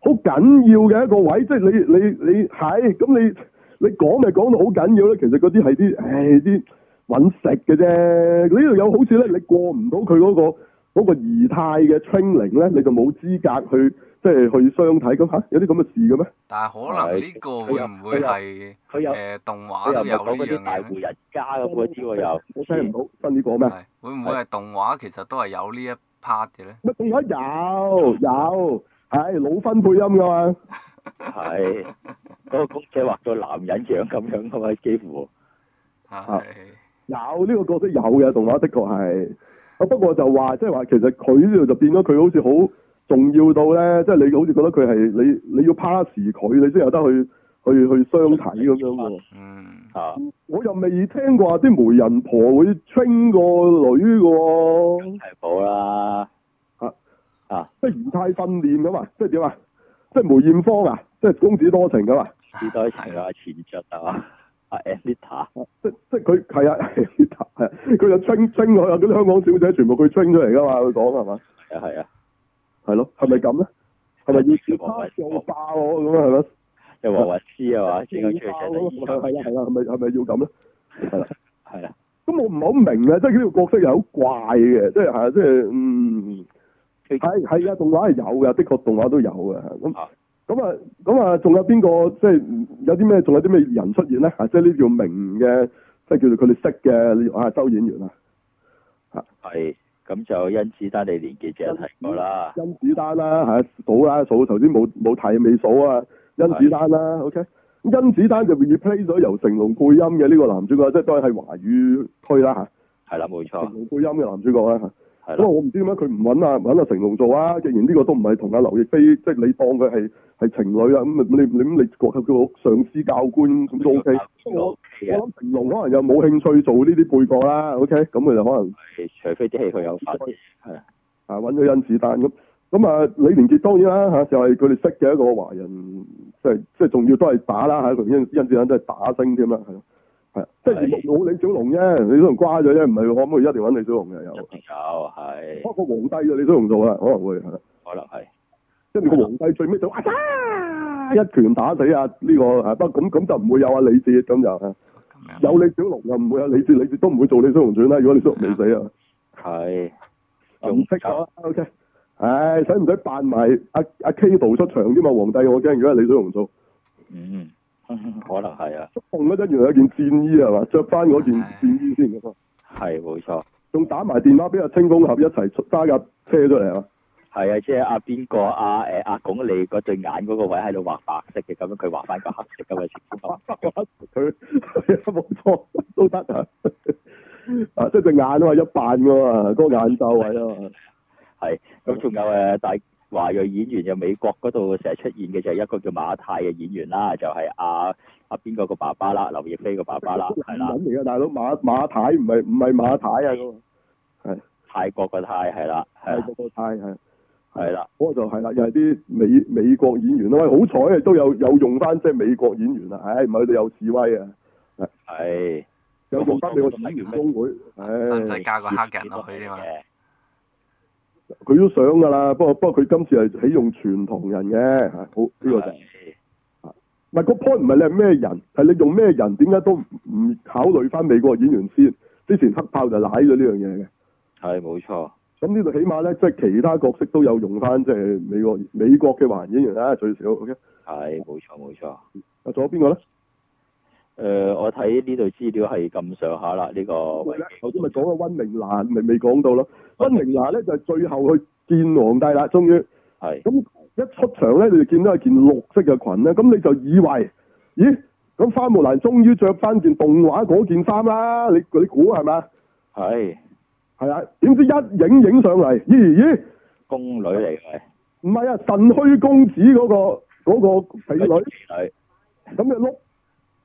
好緊要嘅一個位？即、就、係、是、你你你係咁你你講咪講到好緊要咧？其實嗰啲係啲唉啲。哎搵食嘅啫，呢度有好似咧，你過唔到佢嗰個嗰、嗰個儀態嘅 cleaning 咧，你就冇資格去，即係去相睇咁吓，有啲咁嘅事嘅咩？但係可能呢個又唔會係，佢有,有,有,有動畫又講啲大戶人家咁嗰啲喎，又我聽唔到分呢個咩？會唔會係動畫其實都係有呢一 part 嘅咧？乜點解有有？係、哎、老分配音噶嘛？係嗰個公仔畫到男人樣咁樣噶幾乎係。有呢、這個角色有嘅動畫的確係，啊不過就話即係話其實佢呢度就變咗佢好似好重要到咧，即、就、係、是、你好似覺得佢係你你要 pass 佢，你先有得去去去相睇咁樣的嗯，吓、啊，我又未聽過話啲媒人婆會 train 個女嘅、哦。係冇啦，吓、啊、吓，即係唔太訓練咁嘛，即係點啊？即係梅艷芳啊？即係公子多情咁嘛，公子多情啊，啊前卒係嘛？啊 a t e t a 即即佢係啊 a t 佢又清清咗啊，嗰啲 香港小姐全部佢清出嚟噶嘛，佢講係嘛，啊係啊，係咯，係咪咁咧？係咪要蝦我炸我咁啊？係咪？又話話黐啊嘛，點解中係啊係啊，係咪係咪要咁咧？係啦，係啦。咁我唔係好明啊，即係呢個角色又好怪嘅，即係係啊，即係嗯，係係啊，動畫係有嘅，的確動畫都有嘅，咁。啊咁啊，咁啊，仲有邊個，即係有啲咩？仲有啲咩人出現咧？啊，即係呢叫名嘅，即係叫做佢哋識嘅啊，周演員啦。係，咁就甄子丹你年紀就有提過啦。甄子丹啦，嚇數啦，數頭先冇冇提尾數啊，甄子丹啦，OK。咁甄子丹就變咗 play 咗由成龍配音嘅呢個男主角，即係都係喺華語區啦嚇。係啦，冇錯。成龍配音嘅男主角咧嚇。咁啊！我唔知點解佢唔揾啊揾啊成龍做啊！既然呢個都唔係同阿劉亦菲，即係你當佢係係情侶啦。咁你你你國佢叫上司教官咁都 OK。不過我我諗成龍可能又冇興趣做呢啲配角啦。OK，咁佢就可能除非啲戲佢有發揮。啊，啊揾咗甄子丹咁。咁啊、嗯，李連杰當然啦嚇，就係佢哋識嘅一個華人，即係即係仲要都係打啦嚇。同甄甄子丹都係打星添啦嚇。是即係而冇李小龍啫，李小龍瓜咗啫，唔係可唔可以一定揾李小龍又有？一定有係。不過、啊、皇帝就李小龍做啦，可能會可能係，因為個皇帝最尾就阿一拳打死啊呢、這個，係不過咁咁就唔會有阿李智咁就有李小龍就唔會有李智，李智都唔會做李小龍傳啦。如果李小龍未死啊。係、OK。唔識啊，O K。唉、啊，使唔使扮埋阿阿 K 度出場添嘛？皇、啊啊、帝我驚，如果係李小龍做。嗯。 可能係啊，着紅嗰陣原來有件戰衣係嘛，着翻嗰件戰衣先咁啊，係冇錯，仲打埋電話俾阿青蜂俠一齊揸架車出嚟啊，係 啊，即係阿邊個阿誒阿鞏俐嗰對眼嗰個位喺度畫白色嘅，咁樣佢畫翻個黑色啊嘛，佢冇錯都得啊，啊即係對眼 都嘛、啊， 一扮噶嘛，嗰個眼罩位啊嘛，係， 咁仲有誒 大。華裔演員有美國嗰度成日出現嘅就係一個叫馬太嘅演員啦，就係阿阿邊個個爸爸啦，劉亦菲個爸爸啦，係啦。大佬馬馬太唔係唔係馬太啊，嗰個係泰國個泰係啦，係啊。泰國個泰係，係啦。嗰、嗰個就係啦，又係啲美美國演員咯，喂好彩啊，都有有用翻即係美國演員啊，唉唔係佢哋又示威啊，係。有國家俾我示威，唉，唔、哎、使加個黑人落去啫嘛。佢都想噶啦，不過不過佢今次係起用全唐人嘅，好、啊、呢、啊呢個就係、啊，唔、那、係個 point 唔係你係咩人，係你用咩人，點解都唔考慮翻美國嘅演員先？之前黑豹就瀨咗、啊、呢樣嘢嘅，係冇錯。咁呢度起碼咧，即係其他角色都有用翻，即係美國美國嘅華人演員啊，最少 OK。係冇錯冇錯，啊，仲有邊個咧？誒、呃，我睇、這個、呢度資料係咁上下啦，呢個頭先咪講咗溫明娜咪未講到咯，溫明娜咧就係、是、最後去見皇帝啦，終於係，咁一出場咧，你就見到一件綠色嘅裙啦，咁你就以為，咦，咁花木蘭終於着翻件動畫嗰件衫啦，你你估係咪？係，係啊，點知一影影上嚟，咦咦，宮女嚟咪？唔係啊，神虛公子嗰、那個嗰、那個婢女，咁就碌。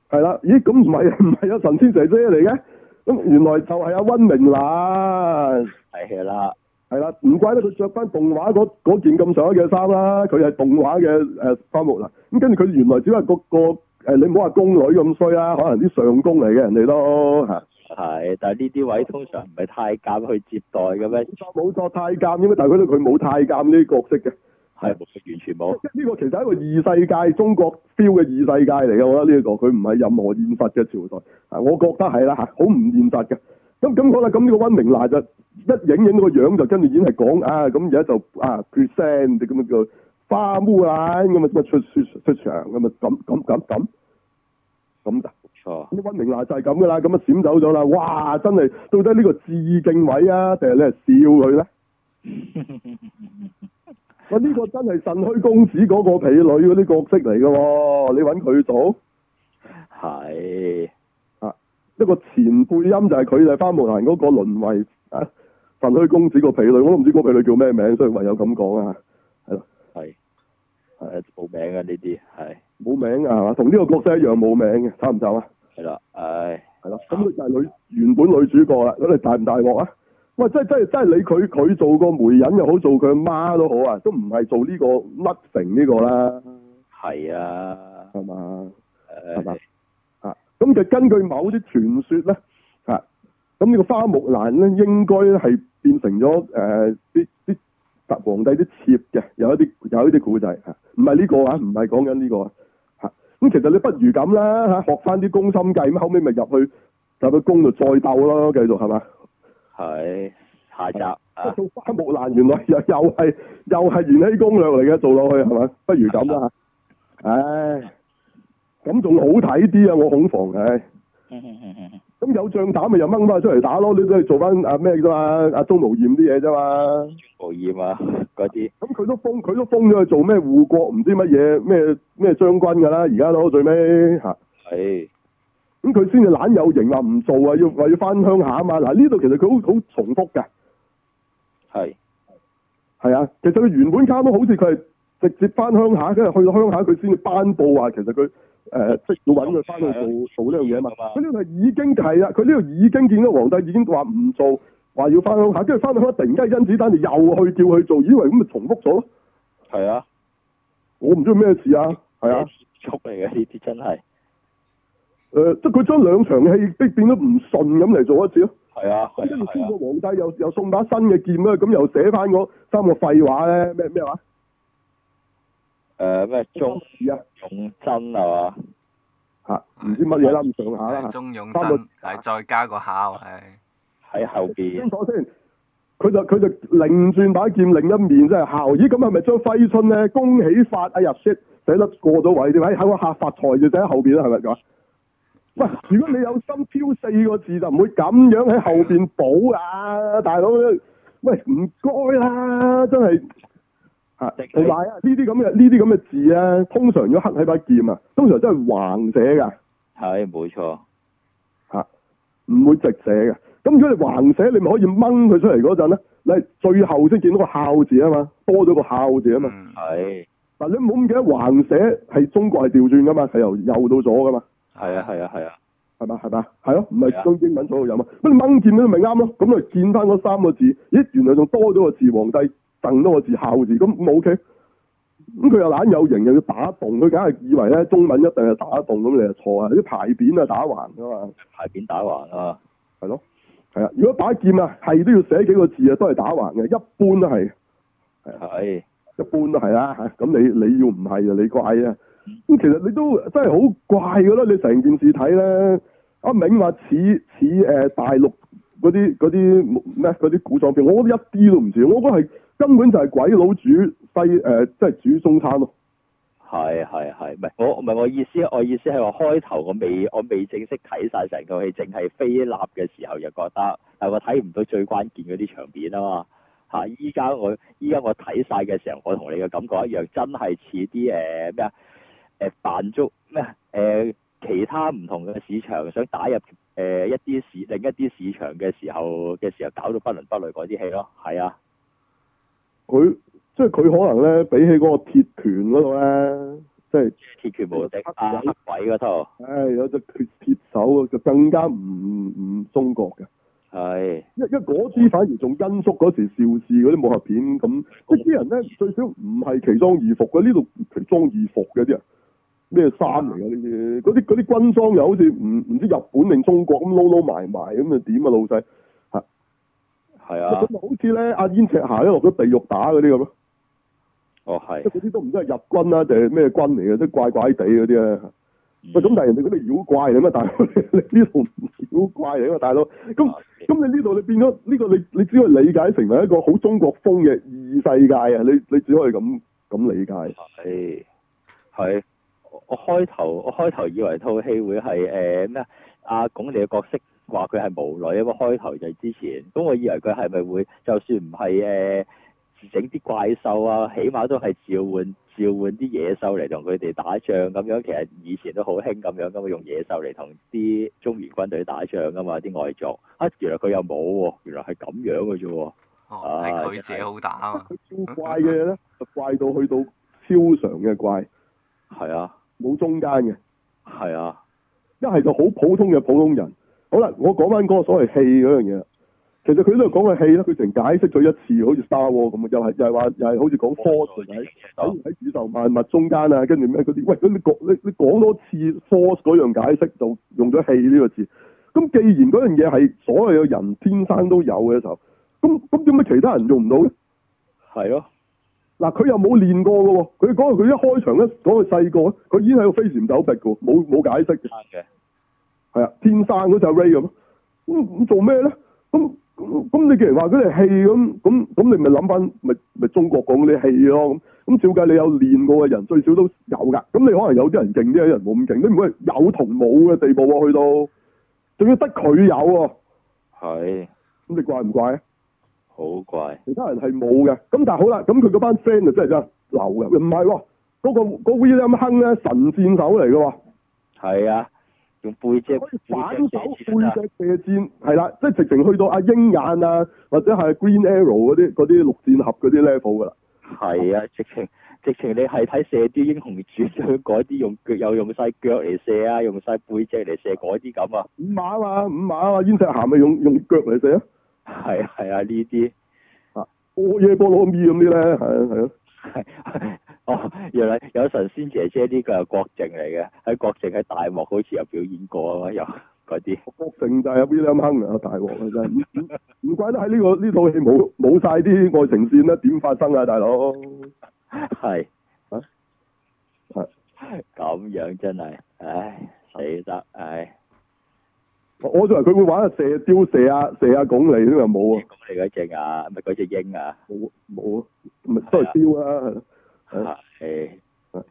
係啦、啊，咦咁唔係唔係有神仙姐姐嚟嘅，咁原來就係阿温明娜。係啦，係啦、啊，唔怪得佢着翻動畫嗰件咁上嘅衫啦，佢係動畫嘅誒花木蘭。咁、呃、跟住佢原來只係嗰個誒、呃，你唔好話宮女咁衰啦，可能啲上宮嚟嘅人哋咯。係，但係呢啲位通常唔係太監去接待嘅咩？冇錯太監啫嘛，但佢嗰佢冇太監呢啲角色嘅。係完全冇，呢 個其實係一個異世界，中國 feel 嘅異世界嚟嘅。我覺得呢、這、一個佢唔係任何現實嘅朝代，啊，我覺得係啦、啊，嚇，好唔現實嘅。咁咁講啦，咁、那、呢個溫明娜就一影影到個樣，就跟住已經係講啊，咁而家就啊 present 咁嘅叫花木蘭啊，咁啊出出出場，咁啊咁咁咁咁咁㗎，冇錯。呢溫、那個、明娜就係咁㗎啦，咁啊閃走咗啦。哇！真係，到底呢個致敬位啊，定係你係笑佢咧？ 我、啊、呢、這個真係神虛公子嗰個婢女嗰啲角色嚟㗎，你揾佢做？係啊，一個前配音就係佢就係、是、花木蘭嗰個淪為啊神虛公子個婢女，我都唔知嗰個婢女叫咩名字，所以唯有咁講啊。係咯，係係冇名啊，呢啲係冇名啊，係嘛，同呢個角色一樣冇名嘅，差唔多是、哎、是是啊。係啦，係係咯，咁佢就係女原本女主角啦，咁你大唔大鑊啊？喂，真真真係你佢佢做個媒人又好，做佢媽都好啊，都唔係做呢個乜成呢個啦。係 啊，係嘛，係咪啊？咁就根據某啲傳說咧，啊，咁呢個花木蘭咧，應該係變成咗誒啲啲皇帝啲妾嘅，有一啲有一啲古仔啊。唔係呢個啊，唔係講緊呢個啊。咁、啊、其實你不如咁啦，吓、啊、學翻啲宮心計，咁後尾咪入去就去宮度再鬥咯，繼續係嘛？係下集啊！做花木蘭，原來又係又係又係元氣攻略嚟嘅，做落去係咪？不如咁啦吓，唉，咁、哎、仲好睇啲啊！我恐防唉，咁、哎、有仗打咪又掹翻出嚟打咯，你都係做翻阿咩啫嘛？阿鍾、啊啊、無艷啲嘢啫嘛？無艷啊，嗰啲，咁、啊、佢都封佢都封咗去做咩護國唔知乜嘢咩咩將軍㗎喇，而家都最尾。吓、啊、係。咁佢先至懶有型，話唔做啊，要話要翻鄉下啊嘛。嗱，呢度其實佢好好重複嘅，係係啊。其實佢原本差唔多，好似佢係直接翻鄉下，跟住去到鄉下佢先至頒布話，其實佢誒即要搵佢翻去做做呢樣嘢啊嘛。佢呢度已經係啦，佢呢度已經見到皇帝已經話唔做，話要翻鄉下，跟住翻到鄉突然間甄子丹就又去叫去做，以為咁咪重複咗咯。係啊，我唔知咩事啊。係啊，重嚟嘅呢啲真係。誒、呃，即係佢將兩場嘅戲逼變咗唔順咁嚟做一次咯。係啊，跟住先個皇帝又、啊啊、又送把新嘅劍啦，咁又寫翻嗰三個廢話咧，咩咩話？誒，咩忠子啊，忠、呃、真係、啊、嘛？吓、啊，唔知乜嘢啦，咁上下啦吓。忠、勇、啊、真，係再加個孝，喺後邊。清楚先，佢就佢就擰轉把劍另一面，即係孝。咦，咁係咪將揮春咧？恭喜發啊入先，寫得過咗位點解喺個客發財就寫喺後邊啦？係咪喂，如果你有心挑四個字，就唔會咁樣喺後邊補啊，大佬。喂，唔該啦，真係。吓，同埋啊，呢啲咁嘅呢啲咁嘅字啊，通常都刻喺把劍啊，通常都係橫寫噶。係，冇錯。吓、啊，唔會直寫嘅。咁如果你橫寫，你咪可以掹佢出嚟嗰陣咧，你最後先見到一個孝字啊嘛，多咗個孝字啊嘛。係、嗯。嗱，但你唔好咁記得，橫寫係中國係調轉噶嘛，係由右到左噶嘛。係啊係啊係啊，係嘛係嘛，係咯、啊，唔係將英文坐度啊，嘛，乜掹劍咧咪啱咯？咁嚟見翻三個字，咦？原來仲多咗個字，皇帝贈多個字，孝字咁，冇 ok。咁佢又懶有型，又要打戙佢梗係以為咧中文一定係打戙咁，咁你又錯啊！啲牌匾啊，打橫噶嘛，牌匾打橫啊，係咯、啊，係啊。如果打劍啊，係都要寫幾個字啊，都係打橫嘅，一般都係。係。一般都係啦，咁你你要唔係啊？你怪啊！咁其實你都真係好怪嘅啦。你成件事睇咧，阿銘話似似誒大陸嗰啲啲咩啲古裝片，我覺得一啲都唔似，我覺得係根本就係鬼佬煮西誒，即、呃、係煮中餐咯。係係係，唔係我唔係我意思，我意思係話開頭我未我未正式睇晒成套戲，淨係飛立嘅時候就覺得係，我睇唔到最關鍵嗰啲場面啊嘛嚇！依家我依家我睇晒嘅時候，我同你嘅感覺一樣，真係似啲誒咩啊？呃誒扮足咩？誒其他唔同嘅市場想打入誒、呃、一啲市另一啲市場嘅時候嘅時候搞到不倫不類嗰啲戲咯。係啊，佢即係佢可能咧比起嗰個鐵拳嗰度咧，即係鐵拳無敵啊黑鬼嗰套，係、哎、有隻鐵鐵手就更加唔唔中國嘅係，因為嗰啲反而仲跟足嗰時邵氏嗰啲武俠片咁，即係啲人咧、嗯、最少唔係奇裝異服嘅呢度奇裝異服嘅啲人。咩山嚟噶？呢啲嗰啲嗰啲軍裝又好似唔唔知日本定中國咁撈撈埋埋咁啊？點啊，老細吓係啊，就好似咧阿燕赤霞都落咗地獄打嗰啲咁咯。哦，係即嗰啲都唔知係日軍啦，定係咩軍嚟嘅？即係怪怪地嗰啲咧。喂、嗯，咁但係人哋嗰啲妖怪嚟啊嘛，大佬你呢度唔妖怪嚟啊嘛，大佬咁咁你呢度你變咗呢個你你只可以理解成為一個好中國風嘅異世界啊！你你只可以咁咁理解係係。我開頭我開頭以為套戲會係誒咩啊？阿鞏你嘅角色話佢係無奈，因為開頭就係之前，咁我以為佢係咪會就算唔係誒整啲怪獸啊，起碼都係召喚召喚啲野獸嚟同佢哋打仗咁樣，其實以前都好興咁樣，咁用野獸嚟同啲中原軍隊打仗噶嘛，啲外族啊，原來佢又冇喎，原來係咁樣嘅啫喎，係、哦、佢、啊、自己好打啊！ 佢超怪嘅咧，怪到去到超常嘅怪。係啊，冇中間嘅，係啊，一係就好普通嘅普通人。好啦，我講翻嗰個所謂氣嗰樣嘢，其實佢都度講嘅「氣」啦，佢成解釋咗一次，好似 Star Wars 咁，又係又係話又係好似講 Force 係咪？喺宇宙萬物中間啊，跟住咩嗰啲？喂，你講你你講多次 Force 嗰樣解釋就用咗氣呢個字。咁既然嗰樣嘢係所有嘅人天生都有嘅時候，咁咁點解其他人用唔到咧？係啊。嗱，佢又冇練過噶，佢講佢一開場一講佢細個，佢已經喺度飛檐走壁噶，冇冇解釋嘅，係啊，天生嗰隻 Ray 咁，咁做咩咧？咁咁你既然話佢係戲咁，咁咁你咪諗翻咪咪中國講嗰啲戲咯咁，咁照計你有練過嘅人最少都有噶，咁你可能有啲人勁啲，有啲人冇咁勁，你唔可以有同冇嘅地步啊去到，仲要得佢有啊，係，咁你怪唔怪啊？好怪，其他人係冇嘅，咁但係好啦，咁佢嗰班 friend 就真係真係流嘅，唔係嗰個嗰、那個、William 亨咧神箭手嚟嘅喎，係啊，用背脊反手背脊射箭、啊，係啦、啊，即係直情去到阿鷹眼啊，或者係 Green Arrow 嗰啲嗰啲綠箭俠嗰啲 level 噶啦，係啊，直情直情你係睇射雕英雄傳改啲用腳又用晒腳嚟射啊，用晒背脊嚟射改啲咁啊，五馬啊五馬啊嘛，煙石咸咪用用腳嚟射啊。係啊係啊呢啲啊，我嘢菠蘿蜜咁啲咧，係咯係咯，係、啊啊啊啊、哦，原來有神仙姐姐呢個係郭靖嚟嘅，喺郭靖喺大漠好似有表演過啊，又嗰啲郭靖就入邊兩坑啊，大鑊真係唔怪得喺呢個呢套戲冇冇晒啲愛情線啦，點發生啊大佬？係啊，咁、啊、樣真係，唉死得唉。我以為佢會玩射雕射啊射啊鞏俐添啊冇啊，鞏俐嗰隻啊咪嗰隻鷹啊冇冇咪都係雕啊。係誒啊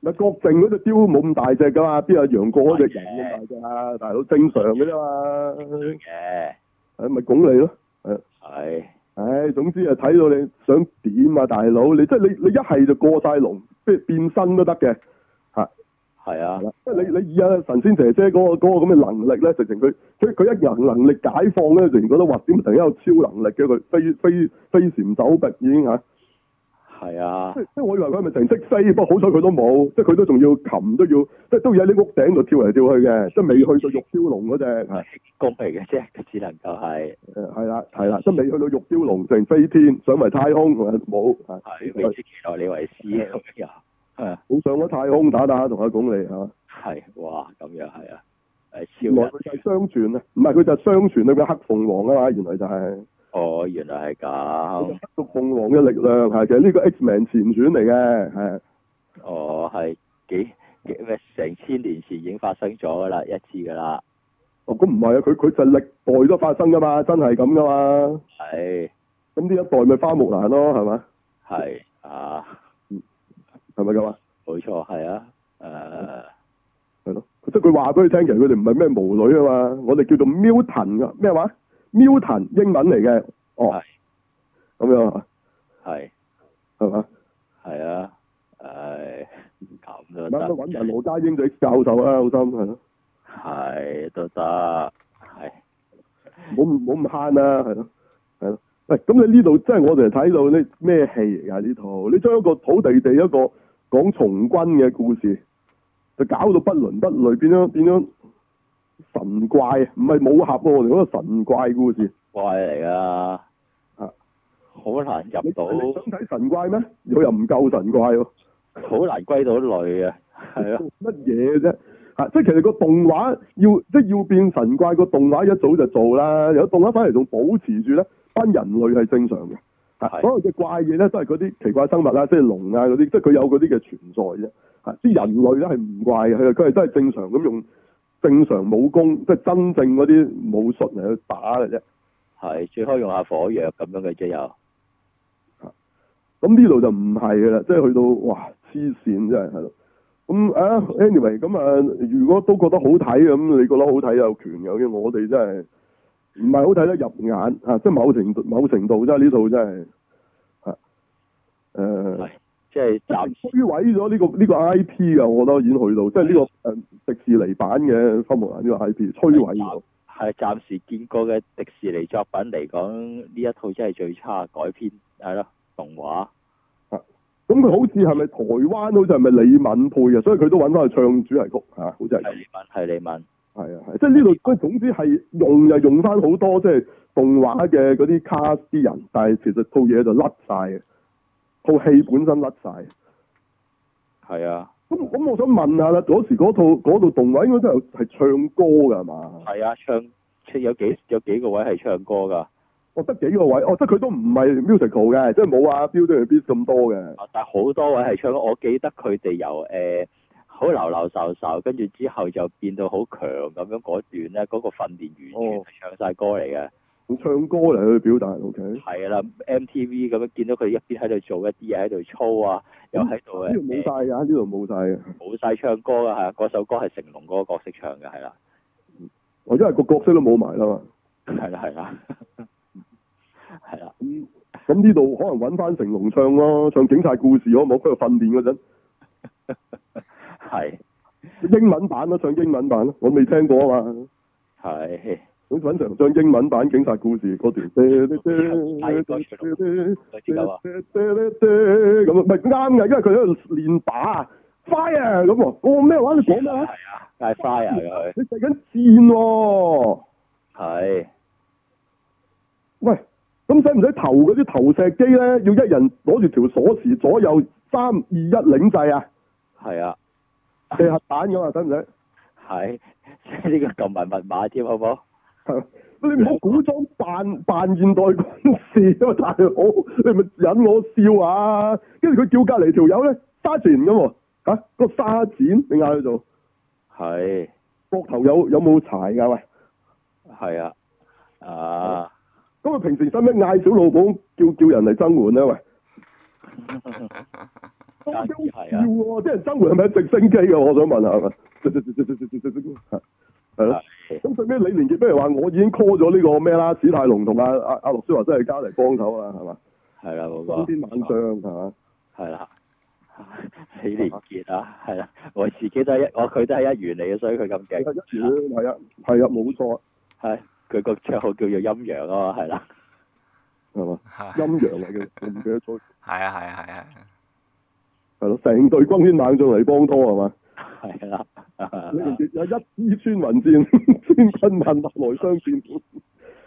咪郭靖嗰隻雕冇咁大隻噶、啊啊、嘛，邊有楊過嗰隻人咁大隻啊大佬，正常嘅啫嘛，嘅誒咪鞏俐咯係係唉總之啊睇到你想點啊大佬你即係你你一係就過晒龍即係變身都得嘅。係啊，即係、啊啊、你你以啊神仙姐姐嗰、嗰個、嗰個咁嘅能力咧，直情佢佢佢一人能力解放咧，直情覺得話點成一個超能力嘅佢飛飛飛檐走壁已經吓，係啊，即即係我以為佢係咪成隻飛？不過好彩佢都冇，即係佢都仲要擒都要，即係都要喺啲屋頂度跳嚟跳去嘅，即係未去到玉雕龍嗰隻係，公嚟嘅啫，只能夠、就、係、是，誒係啦係啦，即係未去到玉雕龍，直情飛天上埋太空冇，係未知內裏為師啊。好冇上咗太空打打下同阿鞏俐吓，係，哇，咁樣係啊，原來佢就係相傳啊，唔係佢就係相傳啊，佢黑鳳凰啊嘛，原來就係、就是，哦，原來係咁，黑鳳凰嘅力量係，就係呢個 Xman 前傳嚟嘅。係，哦，係幾幾咩？成千年前已經發生咗噶啦，一次噶啦，哦，咁唔係啊，佢佢就歷代都發生噶嘛，真係咁噶嘛，係，咁呢一代咪花木蘭咯，係嘛，係啊。是係咪咁啊？冇錯，係啊，誒，係咯，即係佢話俾你聽，其實佢哋唔係咩毛女啊嘛，我哋叫做 Milton 噶，咩話 Milton 英文嚟嘅，哦，咁樣，係，係嘛？係啊，誒，咁都得，慢慢搵人，羅家英做教授啊？好心係咯，係都得，係，好唔好咁慳啊？係咯，係咯，喂，咁你呢度即係我哋睇到啲咩戲嚟噶呢套？你將一個土地地一個。講從軍嘅故事，就搞到不倫不類，變咗變咗神怪啊！唔係武俠，我哋嗰個神怪故事，怪嚟㗎！啊，好難入到。你，你想睇神怪咩？我又唔夠神怪，啊，好難歸到類嘅。係啊，乜嘢啫？吓，即係其實個動畫要即係要變神怪個動畫一早就做啦。有動畫返嚟仲保持住咧，班人類係正常嘅。啊！所有嘅怪嘢咧，都係嗰啲奇怪生物啦，即係龍啊嗰啲，即係佢有嗰啲嘅存在啫。即啲人類咧係唔怪嘅，佢佢係都係正常咁用正常武功，即係真正嗰啲武術嚟去打嘅啫。係，最多用下火藥咁樣嘅啫又。咁呢度就唔係噶啦，即係去到哇黐線真係係咯。咁啊，anyway，咁啊，如果都覺得好睇咁，你覺得好睇有權有嘅，我哋真係。唔係好睇得入眼、啊、即係某程度、某程度啫，呢套真係嚇，誒、啊，即係暫時。摧毀咗呢、呢個呢、呢個 I P 㗎，我都已經去到，即係呢、呢個誒、呃、迪士尼版嘅《花木蘭》呢個 I P，摧毀到。係暫時見過嘅迪士尼作品嚟講，呢一套真係最差改編，係咯動畫。嚇、啊！咁佢好似係咪台灣好似係咪李敏配啊？所以佢都揾翻嚟唱主題曲嚇、啊，好似係。李敏係李敏。係啊，即係呢度，嗰，總之係用又用翻好多，即係動畫嘅嗰啲卡士啲人，但係其實套嘢就甩晒嘅，套戲本身甩晒。係啊。咁、嗯、咁，嗯嗯、我想問下啦，嗰時嗰套嗰套動畫應該都有係唱歌噶係嘛？係啊，唱，有幾有幾個位係唱歌噶？哦、喔，得幾個位，哦、喔，即係佢都唔係 musical 嘅，即係冇阿 Beauty and the Beast 咁多嘅。但係好多位係唱歌。我記得佢哋由誒。呃好流流受受，跟住之後就變到好強咁樣嗰段咧，嗰、嗰個訓練完全唱晒歌嚟嘅，佢唱歌嚟去表達，係、哦、啦 ，MTV 咁樣見到佢一邊喺度做一啲嘢喺度操啊，又喺度誒，呢度冇晒啊，呢度冇晒，冇晒唱歌啊嚇，嗰首歌係成龍嗰個角色唱嘅係啦，哦，因為個角色都冇埋啦嘛，係啦係啦，係 啦 ，咁咁呢度可能揾翻成龍唱咯，唱警察故事好唔好？喺度訓練嗰陣。係英文版咯，上英文版咯，我未聽過啊嘛。係，好似揾成上英文版《警察故事》嗰條咁啊，唔係啱啊，因為佢喺度練打啊，fire 咁喎，咩話你講啊？係啊，係 fire 佢。射緊箭喎。係。喂，咁使唔使投嗰啲投石機咧？要一人攞住條鎖匙，左右三二一，領掣啊？係啊。係核彈咁啊，使唔使？係，即係呢個撳密密碼添，好唔好？ 你唔好古裝扮扮現代軍事啊嘛，大佬，你咪引我笑啊！跟住佢叫隔籬條友咧，沙船咁啊，個沙展你嗌佢做。係 膊頭有有冇柴噶喂？係 啊，啊，咁佢平時使唔使嗌小老母叫叫人嚟增援？咧喂？ 咁要啊！啲人生活係咪直升機噶？我想問下，係咪？係咯。咁最尾，李連杰不如話我已經 call 咗呢個咩啦？史泰龍同阿阿阿諾舒華真係加嚟幫手啦，係嘛？係啦，老哥。轟天猛將，係嘛？係啦。李連杰啊，係啦，我自己都係一，我 佢、哦、都係一員嚟嘅，所以佢咁勁。係啊，係啊，冇錯。係，佢個稱號叫做陰陽啊嘛，係啦。係嘛？陰陽啊！我唔記得咗。係 啊！ 係啊！係啊！係咯，成隊軍圈猛咗嚟幫拖，係嘛？係啦，有一支穿雲箭，千軍萬馬來相見，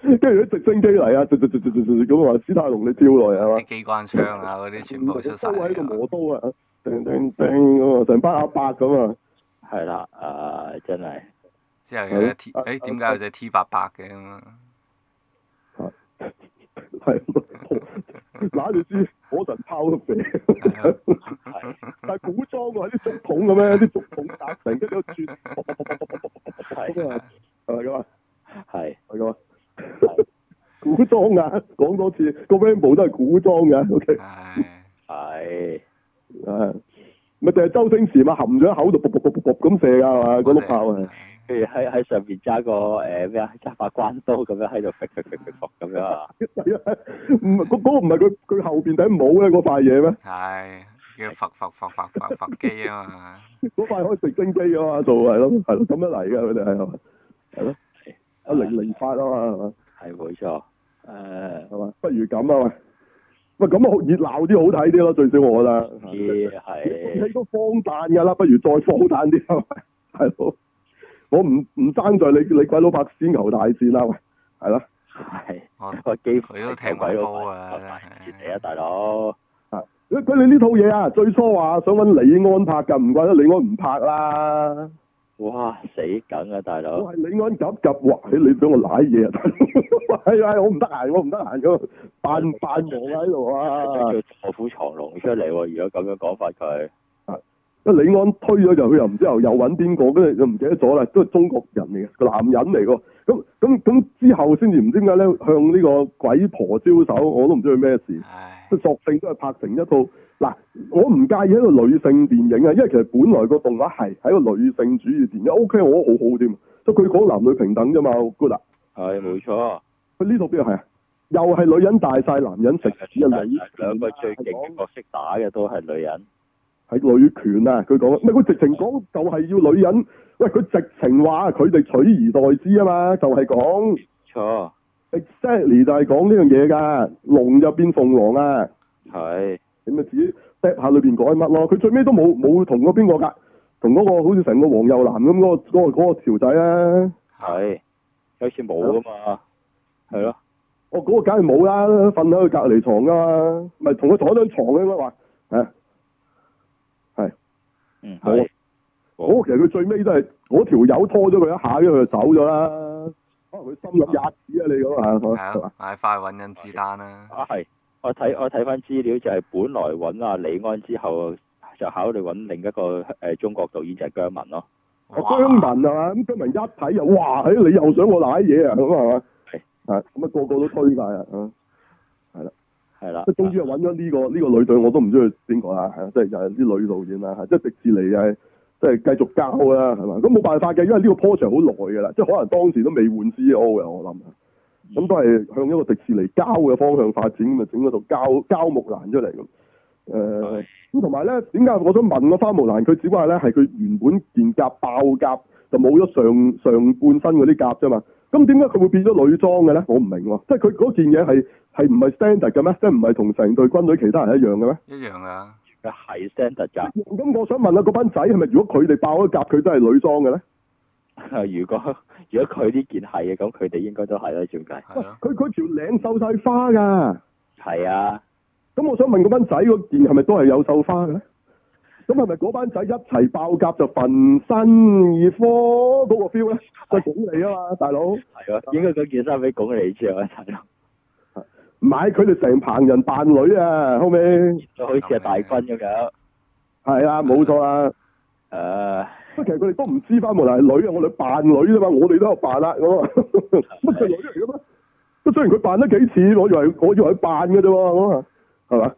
跟住啲直升機嚟、right. build 啊，咁話史泰龍你跳落啊！係嘛？啲機關槍啊，嗰啲全部出晒啦。磨刀啊！叮叮叮咁啊，成班阿伯咁啊。係啦，啊真係。之後有一誒，點解有隻 T 八八嘅咁係，攋住支火神炮都嚟。係，但係古裝喎，啲竹筒咁樣，啲竹筒打，成一轉有係，係咪咁啊？係，係咁 啊？古 裝樣啊，講、 啊、多次，個 weapon 都係古裝嘅，O K。係，係，啊，咪就係周星馳嘛，含咗口度，卜卜卜卜咁射噶，係嘛，個碌炮啊！ 喺喺上邊揸個誒咩啊？揸把關刀咁樣喺度，伏伏伏伏伏咁樣啊！係啊，唔係嗰個唔係佢佢後邊頂帽嘅嗰塊嘢咩？係叫伏伏伏伏伏伏機啊嘛！嗰塊可以直升機啊嘛，做係咯，係咯咁樣嚟噶佢哋係囉，係咯，一零零發啊嘛，係嘛？係冇錯，誒，係嘛？不如咁啊嘛，喂，咁啊好熱鬧啲好睇啲咯，最少我覺得。係。睇到荒誕噶啦，不如再荒誕啲係咪？係我唔唔爭在你你鬼佬拍仙牛大戰喂啊，係咯，係個機會都踢鬼咁高啊！你啊，大佬啊，佢佢哋呢套嘢啊，最初話想搵李安拍噶，唔怪得李安唔拍啦。哇，死梗啊，大佬！李安夾夾壞，你俾我舐嘢，係、哎、啊，我唔得閒，我唔得閒咗，扮扮我喺度啊。叫臥虎藏龍出嚟喎，如果咁樣講法佢。啊啊阿李安推咗就佢又唔知又找又揾邊個，跟住又唔記得咗啦，都係中國人嚟嘅個男人嚟嘅，咁咁咁之後先至唔知點解咧向呢個鬼婆招手，我都唔知佢咩事。係，即係索性都係拍成一套。嗱，我唔介意一個女性電影啊，因為其實本來個動畫係喺一個女性主義電影，O、OK, K，我覺得好好添。即佢講男女平等啫嘛，good。係好好，冇錯。佢呢套邊又係啊？又係女人大晒男人食屎，主要係。兩個最勁嘅角色打嘅都係女人。喺女權啊！佢講咩？佢直情講就係要女人。喂！佢直情話佢哋取而代之啊嘛！就係講錯。Ashley、exactly、就係講呢樣嘢噶，龍入邊鳳凰啊。係。你咪自己劈下裏邊講乜咯？佢最尾都冇冇同個邊、那個噶？同嗰個好似成個黃又南咁嗰個嗰、那個個潮仔啊？係。好似冇啊嘛。係、啊、咯。哦、啊，嗰、啊那個梗係冇啦，瞓喺佢隔離床噶、啊、嘛，咪同佢坐張床嘅咩話？誒。啊嗯好，其實佢最尾都係，我條友拖咗佢一下，之後就走咗啦。可能佢心諗，吔屎啊你咁啊吓，係快快揾人接單啦。啊係、啊啊啊，我睇我睇翻資料就係、是、本來揾阿李安之後，就考慮揾另一個誒、呃、中國導演就係姜文咯。姜文係、啊、嘛，咁姜文一睇又，哇、哎，你又想我瀨嘢啊咁係嘛？係，啊，咁啊個個都推介啊， 係啦，即係終於揾咗呢個呢個女隊，我都唔知佢邊個啦，即係又係啲女導演啦，即係、就係、迪士尼係即係繼續交啦，係嘛？咁冇辦法嘅，因為呢個 project 好耐㗎啦，即係可能當時都未換 C.O. 嘅，我諗，咁都係向一個迪士尼交嘅方向發展，咁啊整嗰套交交木蘭出嚟咁。誒、呃，咁同埋咧，點解我想問個花木蘭？佢只不過咧係佢原本件甲爆甲就冇咗上上半身嗰啲甲啫嘛。咁點解佢會變咗女裝嘅咧？我唔明喎、啊，即係佢嗰件嘢係係唔係 standard 嘅咩？即係唔係同成隊軍隊其他人一樣嘅咩？一樣啊，啊、嗯，如係 standard 㗎！咁我想問下、啊、嗰班仔係咪如果佢哋爆咗甲，佢都係女裝嘅咧？如果如果佢呢件係嘅，咁佢哋應該都係啦，照計。佢佢條領繡晒花㗎。係啊。咁、啊啊嗯、我想問嗰班仔嗰件係咪都係有繡花嘅？咁係咪嗰班仔一齊爆夾就焚身而火嗰個 feel 咧？佢就鞏俐啊嘛，大佬。係啊，應該嗰件衫俾鞏俐着啊，大佬。唔係，佢哋成棚人扮女啊，後尾，就好似係大軍咁樣。係 啊，冇錯啊。誒，不過其實佢哋都唔知翻，原來係女啊，我哋扮女啫嘛，我哋都有扮啦，咁啊，乜 就女出嚟噶嘛。不過雖然佢扮得幾似，我以為我以為佢扮嘅啫喎，咁啊，係嘛？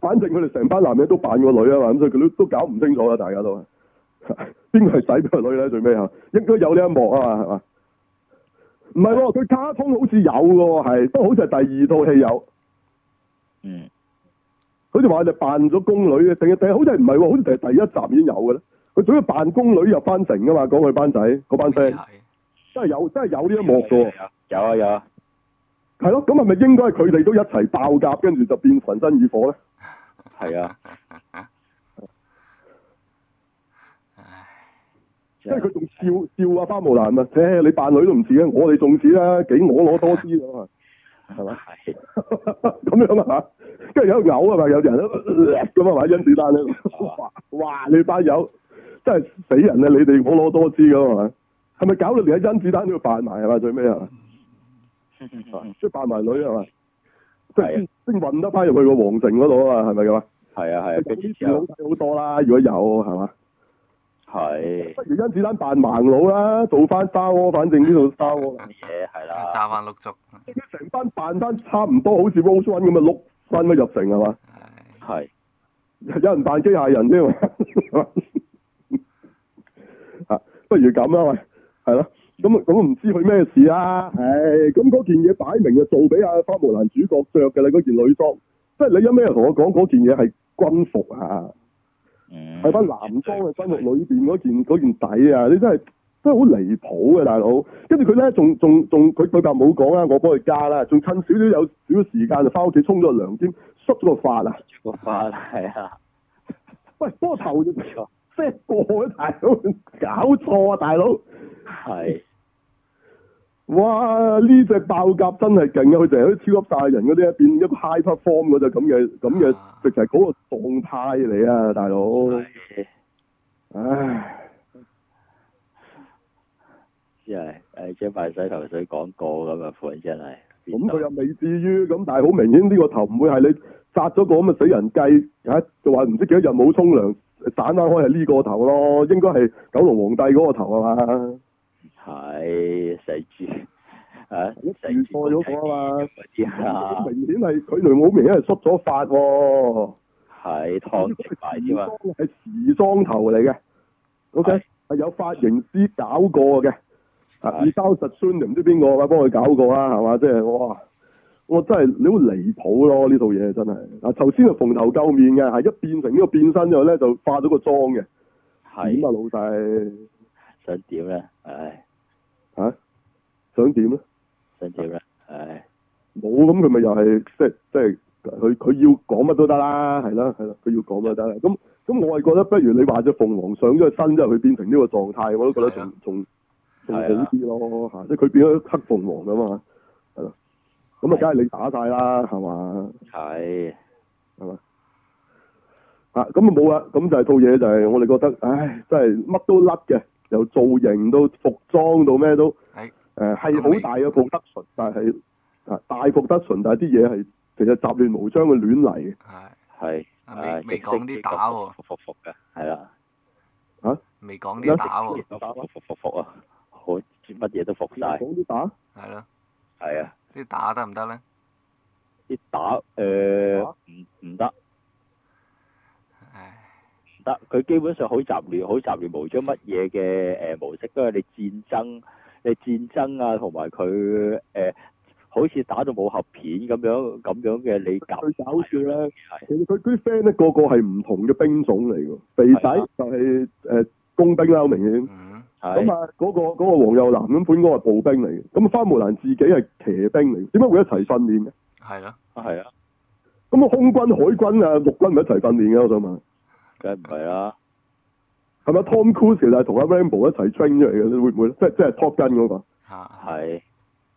反正佢哋成班男嘢都扮過女啊嘛，咁所以佢都都搞唔清楚啦，大家都邊個係仔邊個女咧？最尾吓，應該有呢一幕啊嘛，係嘛？唔係，佢卡通好似有嘅喎，係都好似係第二套戲有。嗯。好似話佢哋扮咗宮女嘅，定係定好似係唔係？好似係第一集已經有嘅咧。佢主要扮宮女入翻城啊嘛，講佢班仔嗰班兵，真係有真係有呢一幕噶。有啊有啊。有啊係咯，咁係咪應該佢哋都一齊爆甲，跟住就變焚身與火咧？係 啊 ，即係佢仲笑笑啊，花木蘭啊，誒、欸，你扮女都唔似啊，我哋仲似啦，幾婀娜多姿啊嘛，係嘛？咁樣啊，跟住有嘔啊嘛，有啲人咁啊嘛，甄子丹咧，哇，你扮友真係死人啊，你哋婀娜多姿噶嘛，係咪搞到連喺甄子丹度扮埋啊嘛，最尾啊？即 係扮盲女係咪？即係先運得翻入去個皇城嗰度啊嘛，係咪咁啊？係啊係啊，以前、啊、好好多啦，如果有係嘛？係，不如甄子丹扮盲佬啦，做翻沙窩，反正呢度都沙窩。嘢係啦，揸翻碌竹。成班扮翻差唔多好似 Rogue One 咁嘅碌翻咁入城係嘛？係 有人扮機械人啫嘛？吓， 不如咁啦喂，係咯。咁咁唔知佢咩事啊？誒、哎，咁嗰件嘢擺明就做俾阿花木蘭主角着嘅啦，嗰件女裝，即係你有咩同我講嗰件嘢係軍服啊？係返男裝嘅軍服裏邊嗰件嗰件底啊！你真係真係好離譜啊大佬，跟住佢咧仲仲仲佢對白冇講啊，我幫佢加啦，仲趁少少有少少時間就翻屋企沖咗個涼添，濕咗個髮啊，個髮係啊，喂，波我頭啫，set 過大佬，搞錯啊大佬，係。哇！呢隻爆甲真係勁啊！佢就係啲超級大人嗰啲，變一個 hyper form 嗰隻咁嘅咁嘅，直情係嗰個動態嚟啊，大佬、哎！唉，真係誒，即係賣洗頭水廣告咁啊款，人真係。咁佢又未至於咁，但係好明顯呢個頭唔會係你紮咗個咁嘅死人計，吓就話唔知幾多日冇沖涼，散翻開係呢個頭咯，應該係九龍皇帝嗰個頭啊嘛。係細朱，啊，咁細錯咗個啊嘛，明顯係佢梁武明係縮咗髮，係燙住排煙啊，係時裝頭嚟嘅，OK，係有髮型師搞過嘅，啊，二刀十寸唔知邊個啊幫佢搞過啊，係嘛，即係哇，我真係你好離譜咯，呢套嘢真係，啊，頭先係蓬頭垢面嘅，係一變成呢個變身之後咧就化咗個妝嘅，係，咁啊老細，想點咧，唉。吓，想點咧？想點啦，唉，冇咁佢咪又係即係即係佢佢要講乜都得啦，係啦係啦，佢要講乜都得。咁咁我係覺得不如你話隻鳳凰上咗身之後，佢變成呢個狀態，我都覺得仲仲仲好啲咯。吓、啊，即係佢變咗黑鳳凰咁嘛，係咯，咁啊梗係你打晒啦，係嘛？係、啊，係嘛？啊，咁啊冇啦，咁就係套嘢就係、是、我哋覺得，唉，真係乜都甩嘅。由造型到服裝到咩都，係、哎，誒係好大嘅 production，啊、但係啊大 production，但係啲嘢係其實雜亂無章嘅亂嚟嘅，係，係、呃，未未講啲打喎、啊，服服服嘅，係啦、啊，嚇、啊？未講啲打喎、啊，服服服服服啊，好似乜嘢都服曬。啲打？係係啊。啲、啊、打得唔得咧？啲打，誒唔唔得。啊不不佢基本上好雜亂，好雜亂，冇咗乜嘢嘅誒模式，都係你戰爭，你戰爭啊，同埋佢誒，好似打到武俠片咁樣咁樣嘅你解。搞笑咧，其實佢啲 friend 咧，個個係唔同嘅兵種嚟喎，肥仔就係誒工兵啦，好明顯。嗯。係、那個。咁啊，嗰個嗰個黃又南咁款哥係步兵嚟嘅，咁花木蘭自己係騎兵嚟，點解會一齊訓練嘅？係啦。啊，係啊。咁啊，空軍、海軍啊，陸軍咪一齊訓練嘅，我想問。梗唔係啊，係咪 Tom Cruise 就係同阿 Rambo 一齊 train 出嚟嘅？會唔會即係即係 Top Gun 嗰個？吓、啊、係，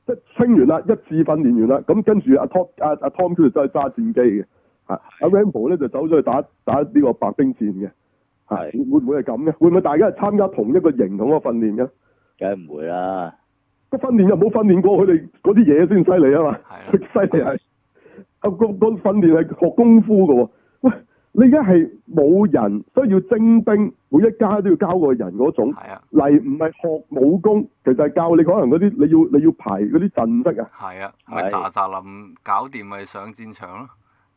即係 train 完啦，一次訓練完啦，咁跟住阿 Top 阿阿 Tom Cruise 戰機的，啊、呢就走揸戰機嘅，吓阿 Rambo 咧就走咗去打打呢個白兵戰嘅，係會唔會係咁嘅？會唔會，會，會，會大家係參加同一個型同個訓練嘅？梗唔會啊！個訓練又冇訓練過佢哋嗰啲嘢先犀利啊嘛，犀利係，啊個嗰訓練係學功夫噶。你而家係冇人，所以要徵兵，每一家都要交個人嗰種。係啊。嚟唔係學武功，其實係教你可能嗰啲你要你要排嗰啲陣式啊。係啊，咪扎扎冧搞掂咪上戰場咯，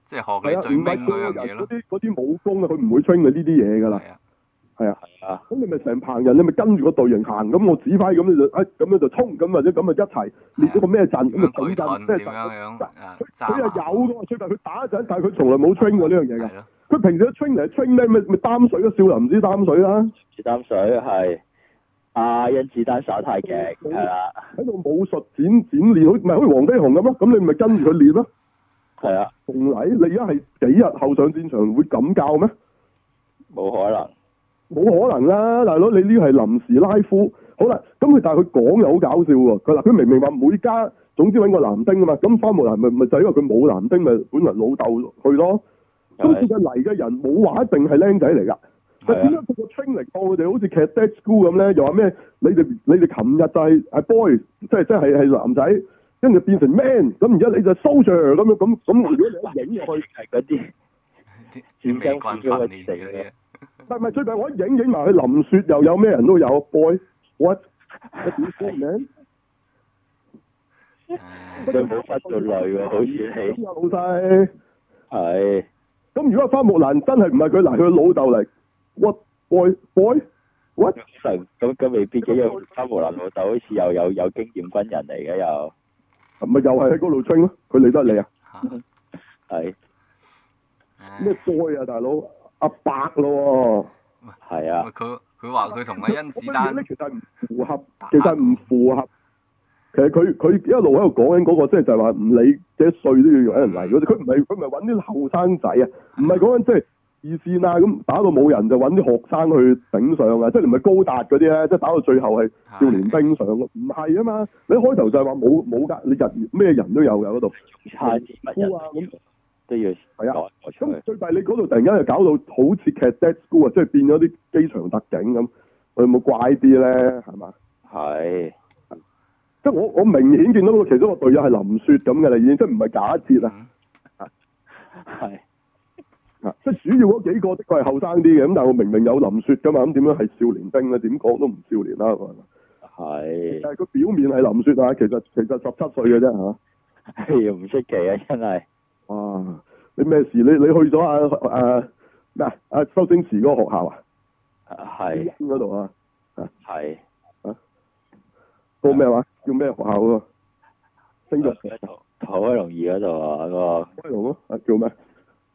即、就、係、是、學佢最兵嗰樣嘢嗰啲啲武功他不會這些東西是啊，佢唔會 train 呢啲嘢噶啦。係啊。係啊。咁、啊、你咪成棚人，你咪跟住個隊形行，咁我指揮咁你就，哎，咁樣就衝，咁或者咁啊一齊練咗個咩陣，咁、那個啊啊、就咩陣咩陣。佢佢又有嗰個 train，佢打一陣，但係佢從來冇 train 過呢樣嘢噶。佢平時都清嚟清咩咪咪擔水都、啊、少林唔知擔水啦、啊，擔水係，阿甄子丹耍、啊、太極係啦，喺、嗯、度武術展展練好，唔係好似黃飛鴻咁咯，咁你咪跟住佢練咯，係啊，送禮，你而家係幾日後上戰場會咁教咩？冇可能，冇可能啦、啊，大佬，你呢個係臨時拉夫，好啦，咁佢但係佢講又好搞笑喎、啊，佢明明話每家總之搵個男丁噶嘛，咁花木蘭咪咪就因為佢冇男丁咪本來老豆去咯。都似個嚟嘅人，冇話一定係靚仔嚟噶。但係點解佢個清力，幫佢哋，好似《Kids School》咁咧？又話咩？你哋你哋琴日就係阿 boy，即係即係係男仔，跟住變成 man，咁而家你就 soldier 咁樣咁咁。如果你影入去係嗰啲，最近觀察你哋嘅。唔係係，最近我影影埋去林雪又有咩 人都有 boy，what？你點 call 名？佢冇發到淚喎，好似係。 老咁如果花木蘭真係唔係佢嗱，佢老豆嚟屈 h a t 改改改？楊咁咁未必嘅，因為花木蘭老豆好似又有有經驗軍人嚟嘅又，咪又係喺嗰度清，咯，佢理得你啊，係咩改啊大佬？阿伯咯喎，係啊，佢佢話佢同阿甄子丹，我覺得呢其實唔符合，啊、其實唔符合。其實佢佢一路喺度講緊嗰個，即係就係話唔理幾多歲都要搵人嚟。佢唔係佢唔係搵啲後生仔啊，唔係講緊即係二線啊，咁打到冇人就搵啲學生去頂上啊。即係唔係高達嗰啲咧，即係打到最後係少年兵上，唔係啊嘛。你開頭就係話冇冇噶，你人咩人都有噶嗰度，差唔多啊咁都要係啊。咁最大你嗰度突然間又搞到好似 Cadet School 啊，即係變咗啲機場特警咁，佢有冇怪啲咧？係嘛？係。即係我我明顯見到個其中個隊友係林雪咁嘅啦，已經即係唔係假設啊，係，啊即係主要嗰幾個都係後生啲嘅，咁但係我明明有林雪噶嘛，咁點樣係少年兵咧？點講都唔少年啦，係，係佢表面係林雪啊，其實其實十七歲嘅啫吓，哎唔出奇啊，真係，哇，你咩事？你你去咗啊，阿嗱阿周星馳個學校是啊？係，度啊係。報咩話？叫咩學校啊？姓玉，頭威龍二嗰度啊，個威龍咯，係叫咩？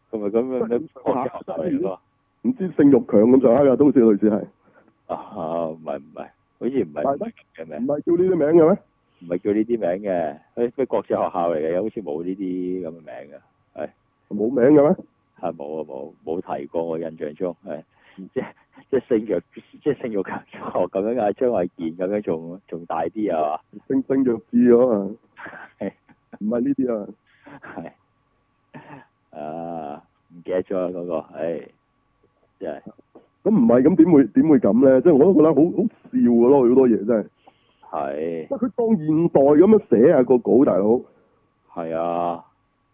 同埋咁嘅咩國際學校唔知姓玉強咁上啱嘅，都好似類似係。啊，唔係唔係，好似唔係唔係叫呢啲名嘅咩？唔係叫呢啲名嘅，誒咩國際學校嚟嘅，好似冇呢啲咁嘅名嘅。係。冇名嘅咩？係冇啊冇冇提過，我印象中係。即係即係性欲，即係性欲強咗，咁樣嗌張衛健咁樣仲仲大啲啊嘛，升升咗啲啊嘛，唔係呢啲啊，係 這啊唔記得咗啊嗰、啊那個，唉即係，咁唔係咁點會點會咁咧？即係我都覺得好好笑噶咯、啊，好多嘢真係，係，即係佢當現代咁樣寫下、啊那個稿大佬，係啊，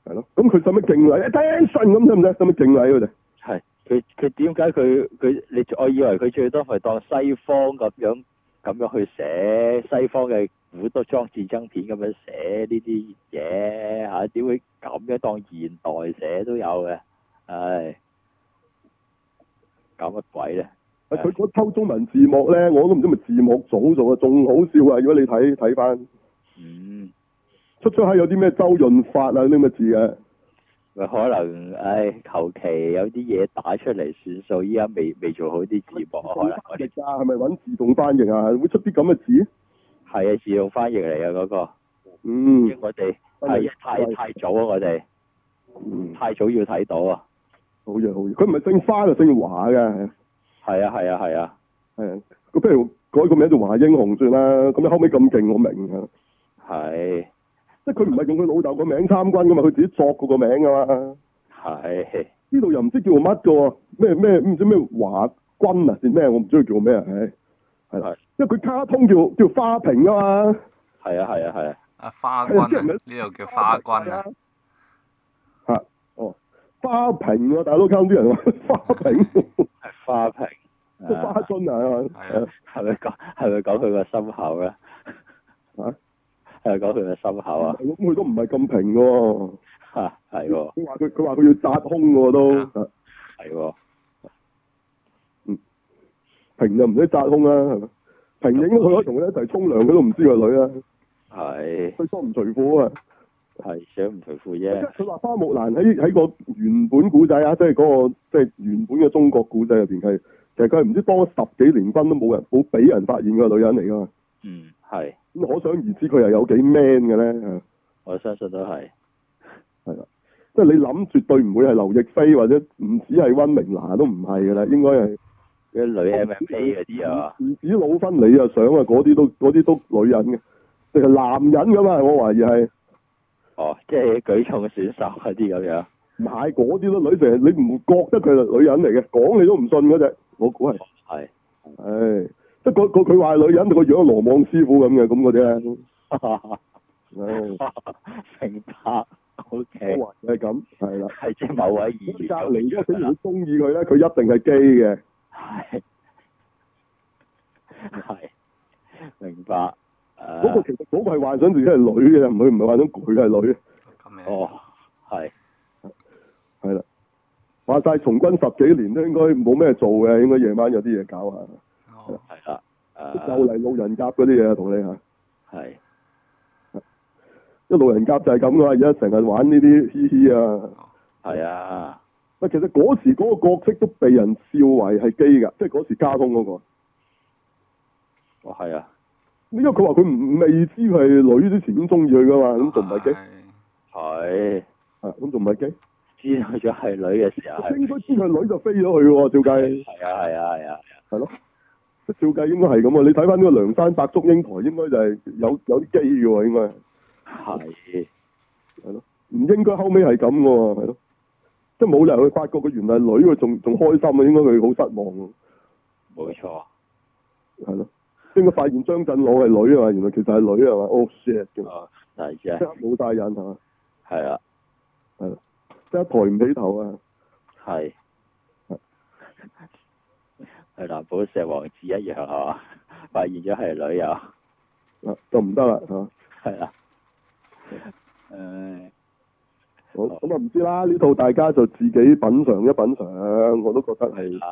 係咯、啊，咁佢使乜敬禮 attention 咁使唔使？使乜敬禮佢哋？係。佢佢點解佢佢你我以為佢最多係當西方咁樣咁樣去寫西方嘅古裝戰爭片咁樣寫呢啲嘢，吓點會咁樣當現代寫都有嘅，唉搞乜鬼咧？啊佢嗰偷中文字幕咧，我都唔知咪字幕組做嘅，仲好笑啊！如果你睇睇翻，嗯，出咗係有啲咩周潤發啊呢啲嘅字嘅。可能，唉，求其有啲嘢打出嚟算數，依家未未做好啲字幕，嗯、可能我哋而家係咪揾自動翻譯啊？會出啲咁嘅字？係啊，自動翻譯嚟啊嗰個，嗯，我哋係太太早啊，我、嗯、哋太早要睇到啊、嗯，好嘢，好嘢。佢唔係姓花就姓華噶，係啊係啊係啊，誒，咁不如改個名做華英雄算啦，咁你後尾咁勁我明啊，係。即係佢唔係用佢老豆個名參軍噶嘛，佢自己作佢個名噶嘛。係呢度又唔知叫乜噶，咩咩唔知咩華軍啊定咩，我唔知佢叫咩。係係，因為佢卡通叫叫花瓶啊嘛。係啊係啊係啊。阿花軍。呢又叫花軍啊。吓哦，花瓶、啊，大佬數啱啲人話花瓶、啊。係 花瓶、啊，花樽啊。係啊。係咪講係咪講佢個心口咧？啊？ 係講佢嘅心口啊，咁佢都唔係咁平嘅、啊，吓係喎。佢話佢佢話佢要紮胸嘅都，係、啊、喎，嗯，平就唔使紮胸啦，係嘛，平影佢可同佢一齊沖涼，佢都唔知佢女啊。係，佢梳唔除褲啊，係，梳唔除褲啫。佢話花木蘭喺喺個原本古仔啊，即係嗰個即係、就是、原本嘅中國古仔入邊係，其實佢係唔知當咗十幾年軍都冇人冇俾人發現個女人嚟噶。嗯，係。咁可想而知，佢又有幾 man 嘅咧？我相信都係。係啦，即係你諗，絕對唔會係劉亦菲或者唔止係温明娜都唔係噶啦，應該係、嗯、女 M M A 嗰啲係嘛？唔止老婚你啊，想啊，嗰啲都啲都女人嘅，定係，男人噶嘛，我懷疑係。哦，即係舉重嘅選手嗰啲咁樣。唔係嗰啲都女成你唔覺得佢係女人嚟嘅，講你都唔信嗰隻。我估係係，哦是是個佢話女人，個樣羅網師傅咁嘅咁嘅啫。明白，O K，就係咁，係、啊、啦，係即某位而家點解中意佢咧？佢一定係基嘅。係。係。明白。個其實冇係幻想自己係女嘅，唔佢唔係幻想佢係女。哦。係、啊。係、嗯、啦、嗯嗯嗯嗯。話晒從軍十幾年都應該冇咩做嘅，應該夜晚有啲嘢搞下。係、哦、啊、呃，就嚟路人甲嗰啲嘢啊，同你吓係，啲路人甲就係咁噶。而家成日玩呢啲嘻嘻啊，係啊。喂，其實嗰時嗰個角色都被人笑為係機噶，即係嗰時加工嗰、嗰個。哦，係啊，因為佢話佢未知係女之前中意佢噶嘛，咁仲唔係機？係啊，咁仲唔係機？知道咗係女嘅時候，應該知佢女就飛咗去喎，照計。係啊，係啊，係啊，係咯。是照計應該係咁啊！你睇翻呢個梁山伯祝英台應該是有的，應該就係有有啲 gay 嘅喎，應該係係咯，唔應該後尾係咁嘅喎，係咯，即係冇人去發覺佢原來女嘅，仲仲開心啊，應該佢好失望冇錯，係咯，應該發現張震朗係女啊嘛，原來其實係女啊嘛，哦、oh, shit，大係冇晒癮吓，係啊，係、就是，即係抬唔起頭啊，係。是 係啦寶石王子一樣係嘛、啊，發現咗係女啊，就唔得啦，係啦，誒、啊，咁啊唔知啦，呢套大家就自己品嘗一品嘗，我都覺得係誒，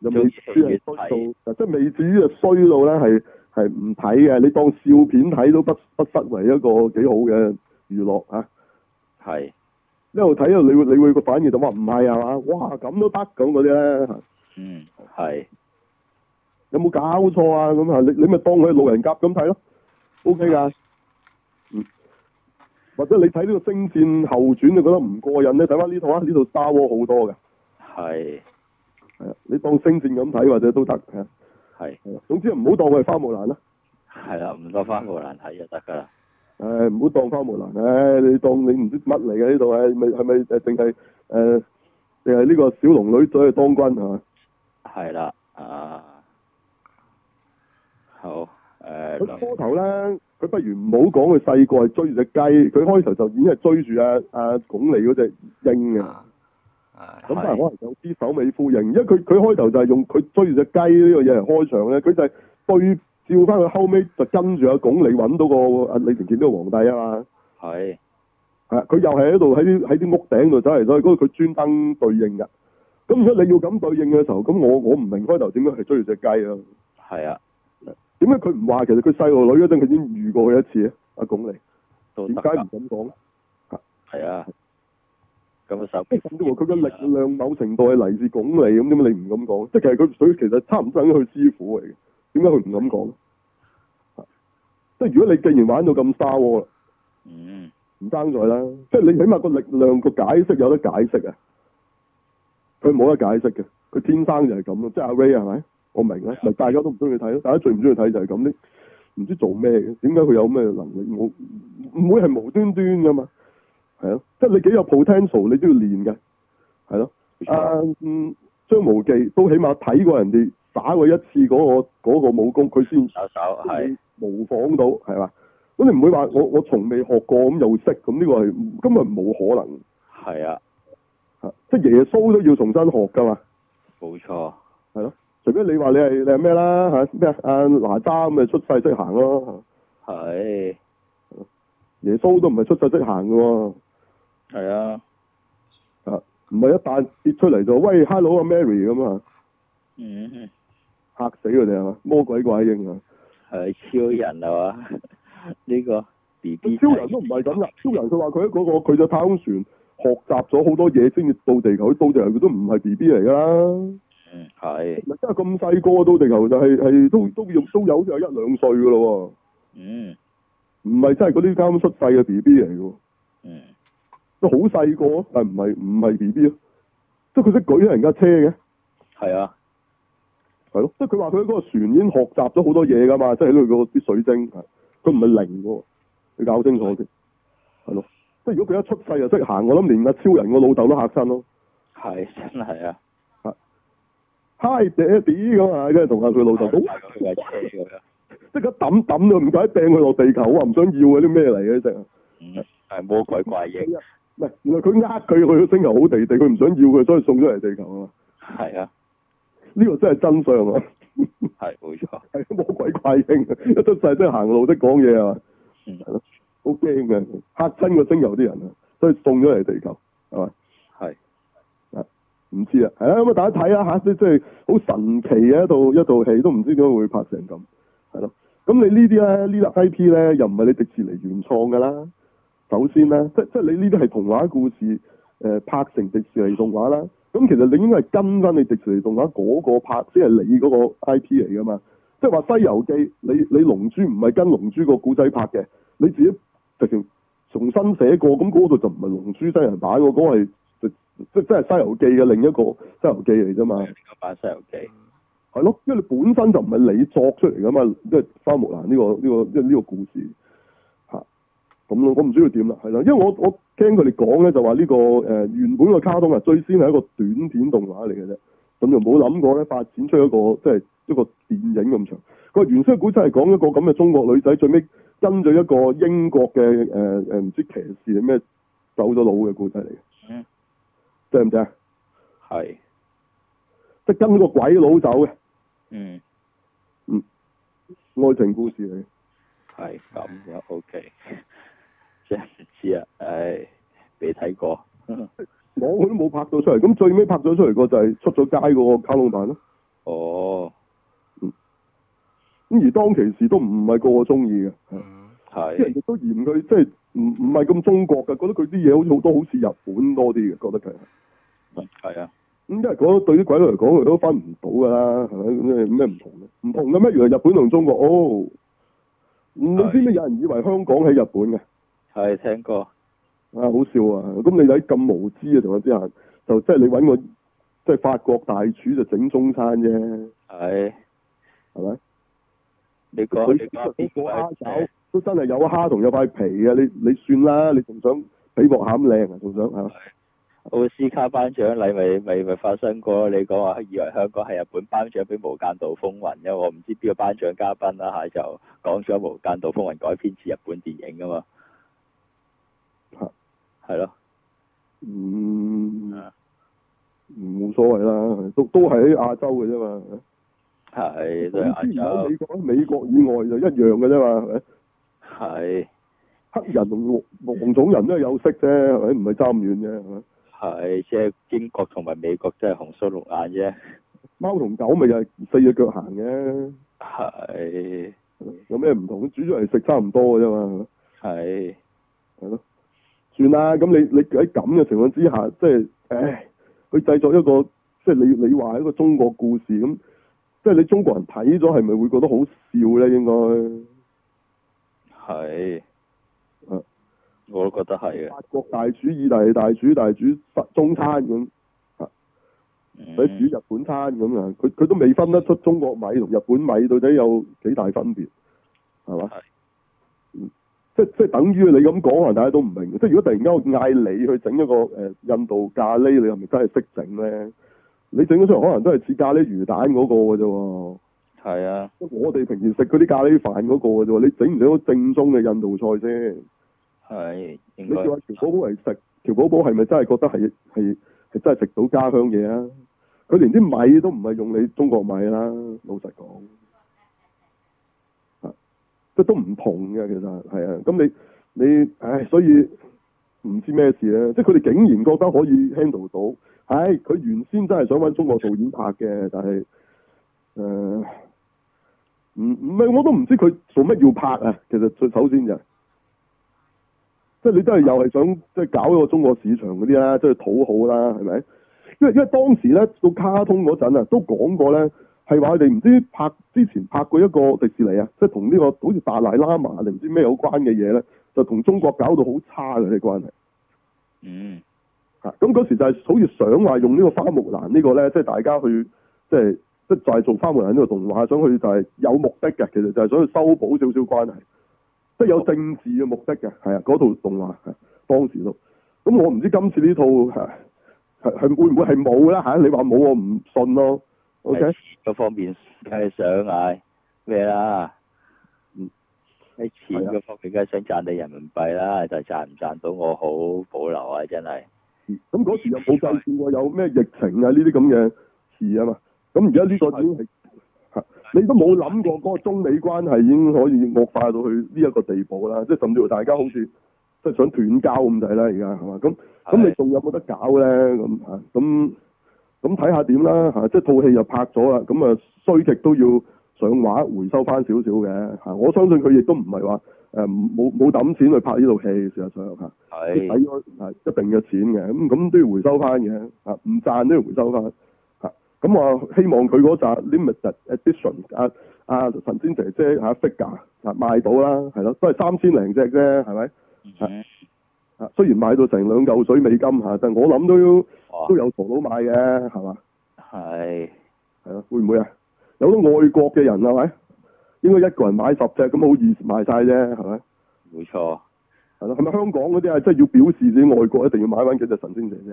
有未即係未至於啊衰到咧係係唔睇嘅，你當笑片睇都不不失為一個幾好嘅娛樂吓，係、啊，一路睇到你會你會個反應就話唔係啊嘛，哇咁都得咁嗰啲咧。這嗯，係有冇搞錯啊？咁啊，你你咪當佢係路人甲咁睇咯，OK 噶。嗯，或者你睇呢個星戰後傳你覺得唔過癮，你睇翻呢套啊，呢套 Star Wars 好多嘅。係係啊，你當星戰咁睇或者都得嘅。係，總之唔好當佢係花木蘭啦。係啦，唔當花木蘭睇就得噶啦。誒、欸，唔好當花木蘭，誒、欸，你當你唔知乜嚟嘅呢度係咪係咪誒，淨係誒，淨係呢個小龍女走去當軍吓？啊係啦，啊，好，誒、呃，佢初頭咧，佢不如唔好講佢細個係追隻雞，佢開頭就已經係追住阿阿鞏俐嗰隻鷹啊。咁、啊啊、可能有啲首尾呼應，因為佢佢開頭就係用佢追住隻雞呢個嘢嚟開場咧，佢就對照翻佢後尾，就跟住阿鞏俐揾到個阿、啊、李承前呢個皇帝啊嘛，係、啊，係，佢又係喺度喺啲喺啲屋頂度走嚟走去，嗰個佢專登對應噶。咁如果你要咁對應嘅時候，咁我我唔明開頭點解係追住隻雞啊？係啊，點解佢唔話其實佢細路女嗰陣佢已經遇過佢一次咧？阿鞏俐點解唔敢講咧？係啊，咁嘅、啊、手、啊。佢嘅力量某程度係嚟自鞏俐，咁點解你唔敢講，即係其實佢佢其實差唔多係佢師傅嚟嘅，點解佢唔敢講咧？即係、啊、如果你既然玩到咁沙窩啦，唔、嗯、爭在啦。即、就、係、是、你起碼個力量個解釋有得解釋啊。佢冇得解釋嘅，佢天生就係咁咯，即係阿 Ray 啊，係咪？我明咧，大家都唔中意睇咯，大家最唔中意睇就係咁啲唔知做咩嘅，點解佢有咩能力？唔會係無端端噶嘛？係咯、啊，即係你幾有 potential，你都要練嘅，係咯、啊。啊，嗯，張無忌都起碼睇過人哋打過一次嗰、嗰個嗰個武功，佢先模仿到係嘛？咁、啊、你唔會話我我從未學過咁又識咁，呢個係根本冇可能。係啊。即係耶穌都要重新學噶嘛，錯。冇錯。係咯，除非你話你係你係咩啦吓咩啊阿哪吒咁咪出世即行咯，係、啊，耶穌都唔係出世即行噶喎、啊，係啊，啊唔係一旦跌出嚟就喂 Hello 啊 Mary 咁啊，吓、嗯、死佢哋係嘛，魔鬼鬼應啊，係超人係嘛，呢 個 B 超人都唔係咁噶， 超人佢話佢喺嗰個佢隻太空船。學習咗好多嘢先至到地球，到地球佢都唔係 B B 嚟噶啦。嗯，係。唔係真係咁細個到地球，就係、是、係都都要都有好似有一兩歲噶咯。嗯，唔係真係嗰啲啱出世嘅 B B 嚟噶。嗯，都好細個，但係唔係唔係 B B 咯。即係佢識舉起人家的車嘅。係啊，係咯，即係佢話佢喺嗰個船已經學習咗好多嘢噶嘛，即係喺度嗰啲水晶，佢唔係零噶，你搞清楚先，係咯。即係如果佢一出世就識行，我諗連個超人個老豆都嚇親咯。係真係啊！係 Hi Daddy 咁啊，跟住同下佢老豆都玩緊即係佢一抌抌就唔怪得掟佢落地球，我唔想要啊啲咩嚟嘅，真係。嗯，係魔鬼怪嬰。唔係，原來佢呃佢去個星球好地地，佢唔想要佢，所以送咗嚟地球啊嘛。係啊，呢、這個真係真相啊！係冇錯，係魔 鬼怪嬰，一出世真係行路，即係講嘢啊嘛。嗯。是好驚嘅，嚇親個星有啲人啊，所以送咗嚟地球，係嘛？係啊，唔知啦，係啊咁啊，大家睇下，吓，即即係好神奇嘅一套一套戲，都唔知點解會拍成咁，係咯？咁你呢啲咧，呢個、IP 呢粒 I P 咧，又唔係你迪士尼原創噶啦，首先咧，即即你呢啲係童話故事誒、呃、拍成迪士尼動畫啦，咁其實你應該係跟翻你迪士尼動畫嗰個拍，先、就、係、是、你嗰個 I P 嚟噶嘛，即係話《西遊記》你，你你《龍珠》唔係跟《龍珠》個古仔拍嘅，你自己。直情重新寫過，咁嗰度就唔係《龍珠西人版》喎、就是，嗰係即即係《就是就是、西遊記的》嘅另一個《西遊記》嚟啫嘛。西遊記》係咯，因為本身就唔係你作出嚟噶嘛，即係花木蘭呢、這個呢、這個即呢、這個故事吓，咁、啊、咯，我唔知道點啦，係啦，因為我我聽佢哋講咧，就話呢、這個誒、呃、原本個卡通啊，最先係一個短片動畫嚟嘅啫，咁就冇諗過咧發展出一個即係、就是、一個電影咁長。佢原先嘅故事係講一個咁嘅中國女仔，最尾。跟咗一個英國嘅誒誒，唔知騎士咩走咗佬嘅故仔嚟嘅，mm. 正唔正？啊？係，即係跟個鬼佬走嘅，嗯、mm. 嗯，愛情故事嚟，係咁嘅。OK 真係唔知啊，誒，未睇過，我 我都冇拍到出嚟，咁最尾拍咗出嚟個就係出咗街個卡龍蛋咯，哦、oh. 咁而當其時都唔唔係個個中意嘅，嗯，係，即係都嫌佢，即係唔唔係咁中國嘅，覺得佢啲嘢好似好多，好似日本多啲嘅，覺得佢，係啊，咁因為嗰對啲鬼佬嚟講，佢都分唔到㗎啦，係咪咁咩咩唔同咧？唔同嘅咩？原來日本同中國哦、oh, 啊，你知唔知有人以為香港喺日本嘅，係聽過啊，啊好笑啊！咁你喺咁無知嘅情況之下，就即係、就是、你揾個即係、就是、法國大廚就整中餐啫，係、啊，係咪？你講佢其實、啊、嗰個蝦有都真係有蝦同有塊皮啊！嗯、你你算啦，你仲想比薄下咁靚啊？仲想係嘛、啊？奧斯卡頒獎禮咪咪咪發生過咯。你講話、啊、以為香港係日本頒獎俾《無間道風雲》啫，我唔知邊個頒獎嘉賓啦、啊、嚇，就講咗《無間道風雲》改編自日本電影噶、啊、嘛，係、啊、咯，嗯，唔、啊、冇所謂啦，都都係喺亞洲嘅啫嘛。.係都係美國咧，美國以外就一樣嘅啫嘛，係咪？係。黑人同黃，黃種人都係有色啫，係咪？唔係爭咁遠啫，係咪？係即係英國同埋美國即係紅鬚綠眼啫。貓同狗咪又係四隻腳行嘅。係。有咩唔同？煮出嚟食差唔多嘅啫嘛。係。係咯。算啦，咁你你喺咁嘅情況之下，即係，唉，去製作一個即係你你話一個中國故事咁。即係你中國人睇咗係咪會覺得好笑呢？應該係，我都覺得係嘅。法國大廚、意大利大廚、大廚中餐咁，啊，佢、嗯、煮日本餐咁樣，佢佢都未分得出中國米同日本米到底有幾大分別，係嘛、嗯？即係等於你咁講，可能大家都唔明。即係如果突然間我嗌你去整一個、呃、印度咖喱，你係咪真係識整呢？你整咗出嚟可能都係似咖喱魚蛋嗰個嘅啫，係啊，我哋平時食嗰啲咖喱飯嗰個嘅啫，你整唔整到正宗嘅印度菜先？係，你叫阿喬寶寶嚟食，喬寶寶係咪真係覺得係係係真係食到家鄉嘢啊？佢連啲米都唔係用你中國米啦，老實講，啊，即都唔同嘅，其實係啊。咁你你唉，所以唔知咩事咧，即係佢哋竟然覺得可以 handle 到。係、哎、佢原先真係想揾中國導演拍嘅，但係誒，唔唔係，我都唔知佢做乜要拍啊。其實最首先就即、是、係、就是、你都係又係想即係、就是、搞一個中國市場嗰啲啦，即係討好啦，係咪？因為因為當時咧到卡通嗰陣啊，都講過咧係話佢哋唔知拍之前拍過一個迪士尼啊，即係同呢個好似達賴喇嘛定唔知咩有關嘅嘢咧，就同中國搞到好差嘅啲關係。嗯。啊、嗯！咁嗰時就係好似想話用呢個花木蘭呢個咧，即、就、係、是、大家去即係即就係、是就是、做花木蘭呢個動畫，想去就係有目的嘅。其實就係想去修補少少關係，即、就、係、是、有政治嘅目的嘅。係啊，嗰套動畫啊，當時都咁、嗯、我唔知道今次這套會會呢套係係會唔會係冇啦吓？你話冇我唔信咯。O K，個方面，梗係想嗌、啊、咩啦？嗯，啲錢方面梗係想賺你人民幣啦，但係賺唔賺到我好保留啊！真係。咁、嗯、嗰時又冇計算過有咩疫情啊呢啲咁嘅事啊嘛，咁而家呢個點係嚇？你都冇諗過嗰個中美關係已經可以惡化到去呢一個地步啦，即係甚至乎大家好似即係想斷交咁滯、啊、啦，而家係嘛？咁咁你仲有冇得搞咧？咁咁咁睇下點啦，即係套戲又拍咗啦，咁啊衰極都要上畫回收翻少少嘅，我相信佢亦都唔係話。誒、啊，冇冇抌錢去拍呢套戲，事實上吓，即係使咗係一定嘅錢嘅，咁咁都要回收翻嘅，吓唔賺都要回收翻。吓、啊、咁、啊、我希望佢嗰集 Limited Edition 啊啊神仙姐姐吓、啊、figure 吓、啊、賣到啦，係咯，都係三千零隻啫，係咪？嗯。吓，雖然賣到成兩嚿水美金吓、啊，但係我諗都都有傻佬買嘅，係、oh. 嘛？係，係咯，會唔會啊？有好多外國嘅人係咪？應該一個人買十隻咁好易買晒啫，係咪？冇錯，係咯，係咪香港嗰啲啊？真係要表示你外國一定要買翻幾隻神仙姐姐，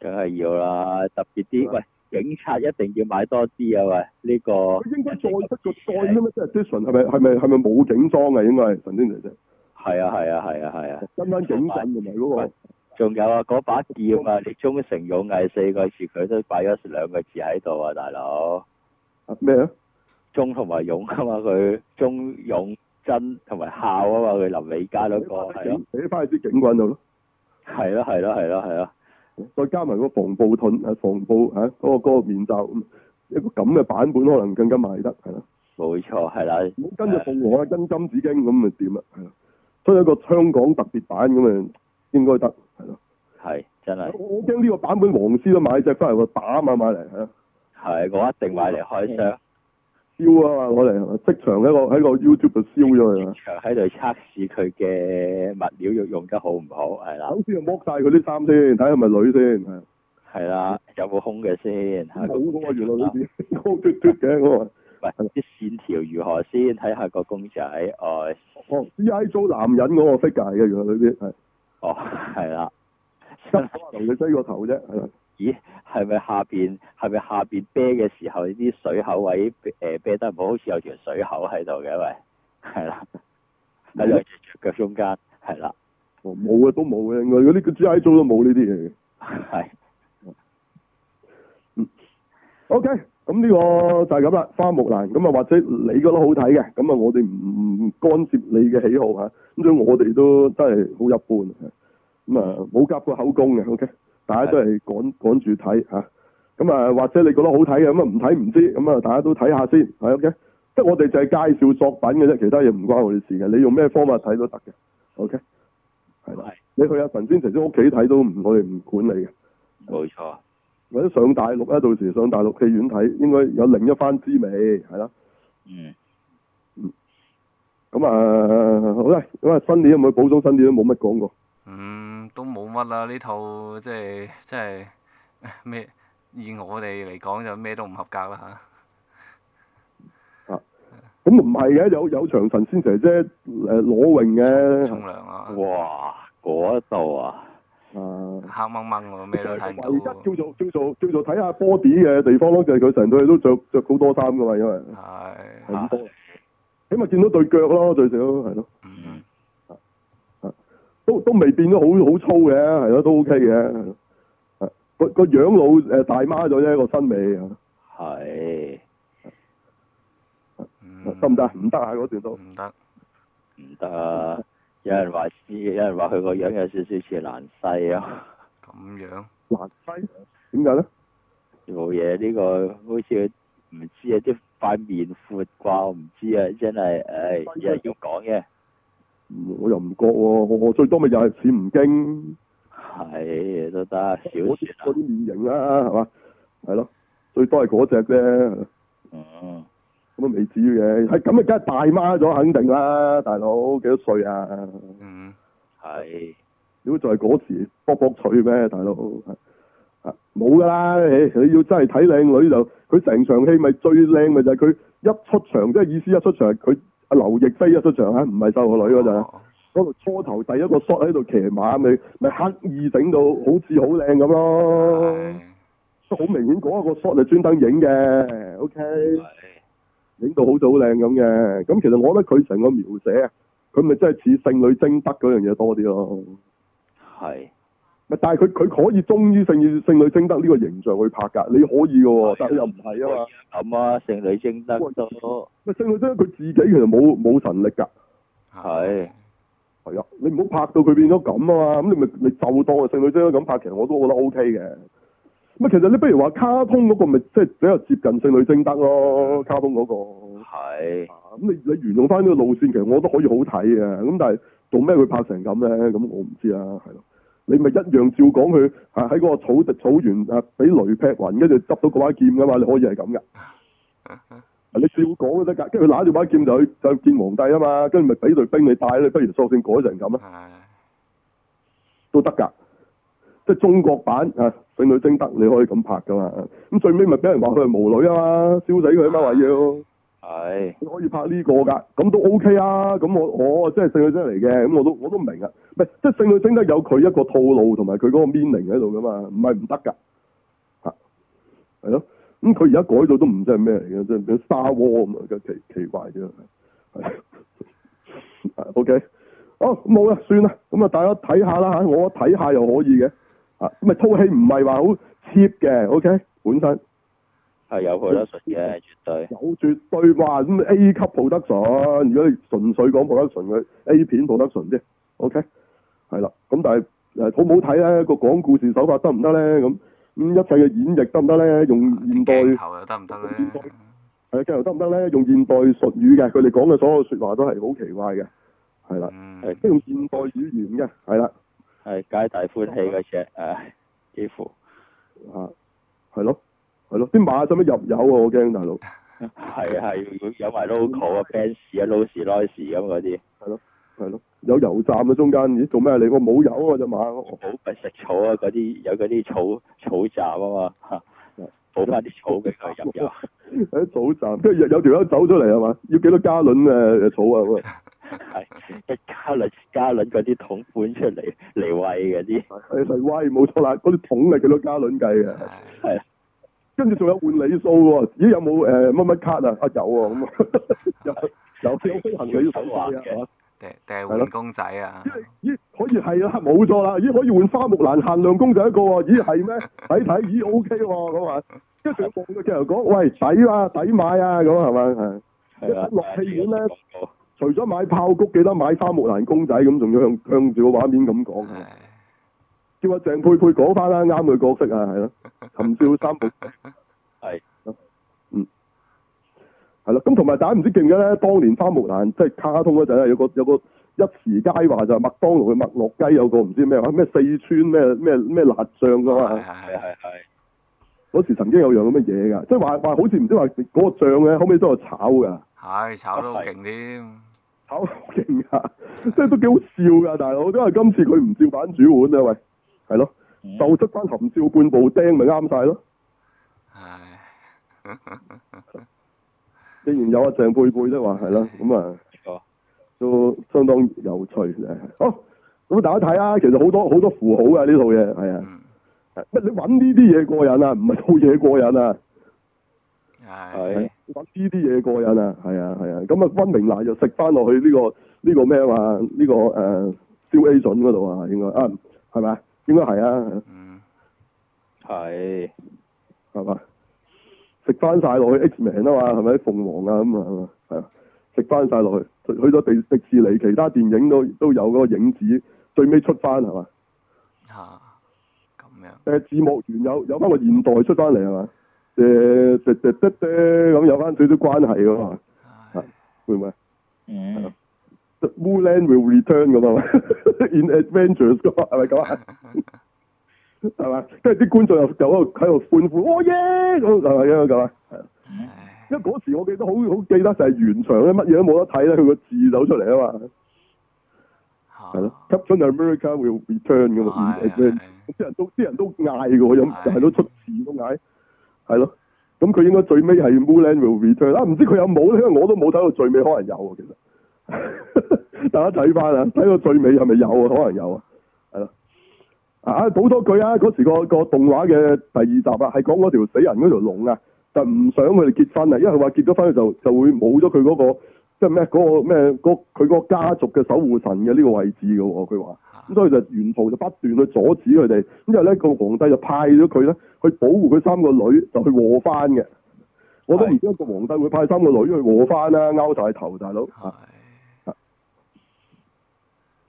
梗係要啦，特別啲喂，警察一定要買多啲啊喂，呢、這個。佢應該再得、這個袋啊嘛，即係啲神係咪係咪係咪冇整裝啊？應該係神仙姐姐。係啊係啊係啊係啊。今晚整緊同埋嗰個。仲有啊，嗰把劍啊，李忠、啊、成勇嗌四個字，佢都擺咗兩個字喺度啊，大佬。咩啊？忠同埋勇啊嘛，佢忠勇真同埋孝啊嘛，佢臨尾加嗰個係咯，俾翻去啲警棍度咯，係咯係咯係咯係咯，再加埋個防暴盾啊防暴吓嗰、啊嗰個、嗰個面罩，一個咁嘅版本可能更加賣得係咯，冇錯係啦，跟住鳳凰啊跟金紫荊咁咪點啊，出一個香港特別版咁啊應該得係咯，係真係，我驚呢個版本黃絲都買隻翻嚟喎，我打咪買嚟吓，係我一定買嚟開箱。 啊！我哋即場喺個喺個 YouTube 燒咗啦。即場喺度測試佢嘅物料用用得好唔好？係啦，好似又剝晒佢啲衫先，睇下係咪女先。係啦，有冇空嘅先？咁我原來女仔凹凸凸嘅我。喂啲線條如何先？睇下個公仔。哦哦，依做男人嗰個 figure 嘅，原來女仔係。哦，係啦。咁啊，同佢低個頭啫，咦，係咪下邊係咪下邊啤嘅時候呢啲水口位誒啤、呃、得唔好？好似有條水口喺度嘅喂，係啦，喺兩隻腳中間，係啦，冇啊、哦，都冇嘅，我該嗰啲個 G I Z 都冇呢啲嘢嘅，係， 嗯，O K，咁呢個就係咁啦，花木蘭咁啊，或者你覺得好睇嘅，咁啊，我哋唔干涉你嘅喜好吓，咁所以我哋都真係好一般咁啊，冇夾過口供嘅，O K。Okay? 大家都係趕趕住睇吓，咁啊，或者你覺得好睇嘅，咁啊唔睇唔知，咁啊，大家都睇下先，係 OK。即係我哋就係介紹作品嘅啫，其他嘢唔關我哋事嘅。你用咩方法睇都得嘅，OK。係咪？你去阿神仙姐姐屋企睇都唔，可以唔管你嘅。冇錯。或者上大陸咧，到時上大陸戲院睇，應該有另一番滋味，係啦。嗯。嗯。咁啊，好啦，咁啊，新年有冇？補充，新年都冇乜講過。都冇乜啦，呢套即係即係咩？以我哋嚟講就咩都唔合格啦嚇。啊，咁唔係嘅，有有長神仙姐姐誒裸泳嘅沖涼啊，哇嗰度啊！黑掹掹喎，咩都睇唔到。唯一叫做叫做叫做睇下 body 嘅地方咯，就係佢成對都着著好多衫噶嘛，因為係、啊、起碼見到對腳咯，最少係咯。是都，都未變咗好好粗嘅，係咯，都 OK 嘅。個個樣老誒、呃、大媽咗一個身尾。係。得唔得？唔得啊！嗰、啊、段都唔得。唔得。唔得啊，有人話，有人話有人話佢個樣有少少似蘭西啊。咁樣。蘭西？點解咧？冇嘢，呢、呢個好似唔知啊，啲塊面闊啩，我唔知啊，真係誒，又要講嘅。西西我又唔覺喎，我最多咪又係似吳京，係都得，嗰啲啲類型啦，係嘛？係咯，最多係嗰隻啫。哦，咁都、啊啊的嗯嗯、未知嘅，係咁啊，梗係大媽咗肯定啦，大佬幾多歲啊？嗯，係。如果就係嗰時卜卜脆咩，大佬冇噶啦，唉、啊啊，你要真係睇靚女就佢成場戲咪最靚嘅，就係佢一出場，即、就、係、是、意思一出場佢。她劉亦菲一出場嚇，唔係細個女嗰陣，嗰、啊、度初頭第一個 shot 喺度騎馬，咪咪刻意整到好似好靚咁咯，都好明顯嗰一個 shot 係專登影嘅，OK，影到好似好靚咁嘅，咁其實我覺得佢成個描寫，佢咪真係似聖女貞德嗰樣嘢多啲咯。係。但係佢佢可以忠於聖女聖女貞德呢個形象去拍㗎，你可以㗎喎。但佢又唔係啊嘛。咁啊，聖女貞德。唔係，聖女貞德，佢自己其實冇冇神力㗎。係。係啊，你唔好拍到佢變咗咁啊嘛，咁你咪你就當係聖女貞德咁拍，其實我都覺得 O K 嘅。唔係，其實你不如話卡通嗰個，咪即係比較接近聖女貞德咯，卡通嗰個。係。咁、啊、你你沿用翻呢個路線，其實我都可以好睇嘅。咁但係做咩佢拍成咁咧？咁我唔知啊，係咯。你咪一樣照講佢啊，喺嗰個草地草原啊，俾雷劈暈，跟住執到把劍噶嘛，你可以係咁噶。 你照講都得噶，跟住佢拿住把劍就去就見皇帝啊嘛，跟住咪俾隊兵你帶，你不如索性改成咁啊， 都得噶。即係中國版啊，聖女貞德你可以咁拍噶嘛。咁最尾咪俾人話佢係無女啊嘛，燒死佢啊嘛，話要。係，可以拍呢個噶，咁都 OK 啊，咁我我即係剩女精嚟嘅，咁我都我都唔明啊，唔係即係剩女精都有佢一個套路同埋佢嗰個 meaning 喺度噶嘛，唔係唔得噶，吓，係咯，咁佢而家改到都唔知係咩嚟嘅，真係沙窩咁嘅奇奇怪嘅，係，OK，好冇啦，算啦，咁啊大家睇下啦吓，我睇下又可以嘅，啊，咪套戲唔係話好 cheap 嘅，OK，本身。係有 production 嘅，絕對有，絕對，有絕對嘛。咁 A 級 production，如果純粹講 production 嘅 A 片 production 啫。OK，係啦。咁但係誒好唔好睇咧？個講故事手法得唔得咧？咁咁一切嘅演繹得唔得咧？用現代鏡頭又得唔得咧？係鏡頭得唔得咧？用現代術語嘅，佢哋講嘅所有說話都係好奇怪嘅。係啦，係、嗯、都用現代語言嘅，係啦，係皆大歡喜嗰隻，誒、嗯，幾乎啊，係咯。係咯，啲馬使唔使入油啊？我驚大佬。係 啊係，佢飲埋 local 啊，fans 啊 l o s louis 咁嗰啲。係咯係咯，有油站啊，中間，唔知做咩你我冇油啊，隻馬。冇食、啊、草啊，嗰啲有嗰啲草草站啊嘛。補返啲草俾佢、啊啊、入油。喺 草站，跟住又有條友走出嚟係、啊、嘛？要幾多加侖嘅草啊？係 一加侖加侖嗰啲桶搬出嚟嚟餵嗰啲。誒喂，冇錯啦，嗰啲桶係幾多加侖計啊？係。 跟住仲有換禮數喎，咦有冇誒乜乜卡啊？啊有喎、哦，咁啊 有有啲行，靚嘅手畫嘅，定定公仔啊？咦可以係啦，冇錯啦，咦可以換花木蘭限量公仔一個喎，咦係咩？睇睇咦 OK 喎、哦，咁啊一上網嘅車友講，喂抵啊，抵買啊，咁係咪？係啊，落戲院咧，除咗買炮谷記得買花木蘭公仔，咁仲要向向住個畫面咁講。叫阿鄭佩佩講翻啦，啱佢角色啊，係咯，秦少三部係， 嗯，係啦，咁同埋打唔知記唔記得咧，當年花木蘭即係卡通嗰陣啊，有個有個一時佳話就係、是、麥當勞嘅麥樂雞有個唔知咩啊，咩四川咩咩咩辣醬噶嘛，係係係係，嗰時曾經有樣咁嘅嘢噶，即係話話好似唔知話嗰個醬咧，後尾都係炒噶，係炒到勁添，炒勁噶，即係都幾好笑噶大佬，因為今次佢唔照板煮碗啊喂。係咯、嗯，就出翻含笑半步釘咪啱晒咯。唉，既然有阿鄭佩佩咧話係咯，咁啊都相當有趣啊。好，咁大家睇下、啊，其實好多好多符號嘅呢套嘢，係啊，乜、啊嗯啊、你揾呢啲嘢過癮啊，唔係套嘢過癮啊。係、啊，你揾呢啲嘢過癮啊，係啊係啊，咁啊温、啊、明娜就食翻落去呢、呢個呢、呢個咩啊呢、呢個誒消、啊、A 準嗰度啊，應該啊係咪？應該係啊，嗯，係，係嘛，食翻晒落去 X-Men 啊嘛，係咪鳳凰啊咁啊，係啊，食翻晒落去，去咗迪迪士尼，其他電影都都有嗰個影子最，最尾出翻係嘛，吓、啊，咁樣，誒，字幕完有有翻個現代出翻嚟係嘛，誒，滴滴咁有翻少少關係噶嘛，係，會唔會啊？嗯。 嗯 Mulan will return 咁啊嘛，In Adventures 咁 嘛？係咪咁啊？係嘛，跟住啲觀眾又就喺度喺度歡呼，哦、oh, 耶、yeah!！咁係咪咁啊？ 因為嗰時我記得好好記得,原得就係全場咧乜嘢都冇得睇咧，佢個字走出嚟啊嘛，係 咯。Captain America will return 咁啊！啲人都啲人都嗌嘅，我就但係都出字都嗌，係咯。咁佢應該最尾係 Mulan will return 啊？唔知佢有冇咧，因為我都冇睇到最尾，可能有啊，其實。 大家睇翻啊，睇到最尾係咪有啊？可能有啊，係咯啊，補多句啊！嗰時個個動畫嘅第二集啊，係講嗰條死人嗰條龍啊，就唔想佢哋結婚啊，因為佢話結咗婚佢就就會冇咗佢嗰個即係咩嗰個咩佢嗰個家族嘅守護神嘅呢個位置噶、啊。佢話咁所以就沿途就不斷去阻止佢哋。咁之後咧個皇帝就派咗佢咧去保護佢三個女，就去和番嘅。我都唔知一個皇帝會派三個女去和番啦，勾晒頭大佬。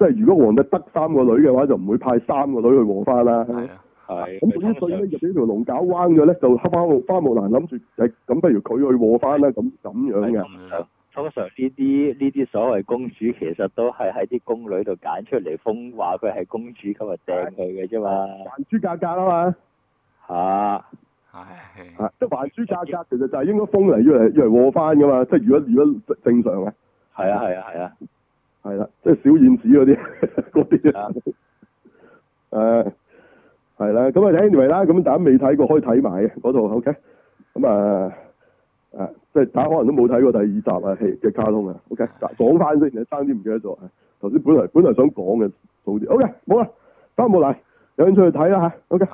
即係如果皇帝得三個女嘅話，就唔會派三個女去和翻啦。係啊，係、啊。咁、嗯嗯啊、所以咧，入咗條龍搞彎咗咧，就黑花花木蘭諗住，誒咁，不如佢去和翻啦。咁咁樣嘅、啊。通常呢啲呢啲所謂公主，其實都係喺啲宮女度揀出嚟封，話佢係公主，今日掟佢嘅啫嘛。還珠格格啊嘛。嚇！唉。嚇！即係還珠格格，其實就係應該封嚟，要嚟要嚟和翻噶嘛。即係如果如果正常嘅。係啊！係啊！係啊！係啦，即、就、係、是、小燕子嗰啲，嗰 啲啊，誒，係啦，咁啊 anyway 啦，咁大家未睇過可以睇埋嘅嗰套，OK，咁啊，誒、啊，即係大家可能都冇睇過第二集、okay？啊，戲嘅卡通啊，OK，講翻先，有啲差啲唔記得咗，頭先本嚟本嚟想講嘅，早啲，OK，冇啦，翻冇嚟，有興趣去睇啦吓，OK。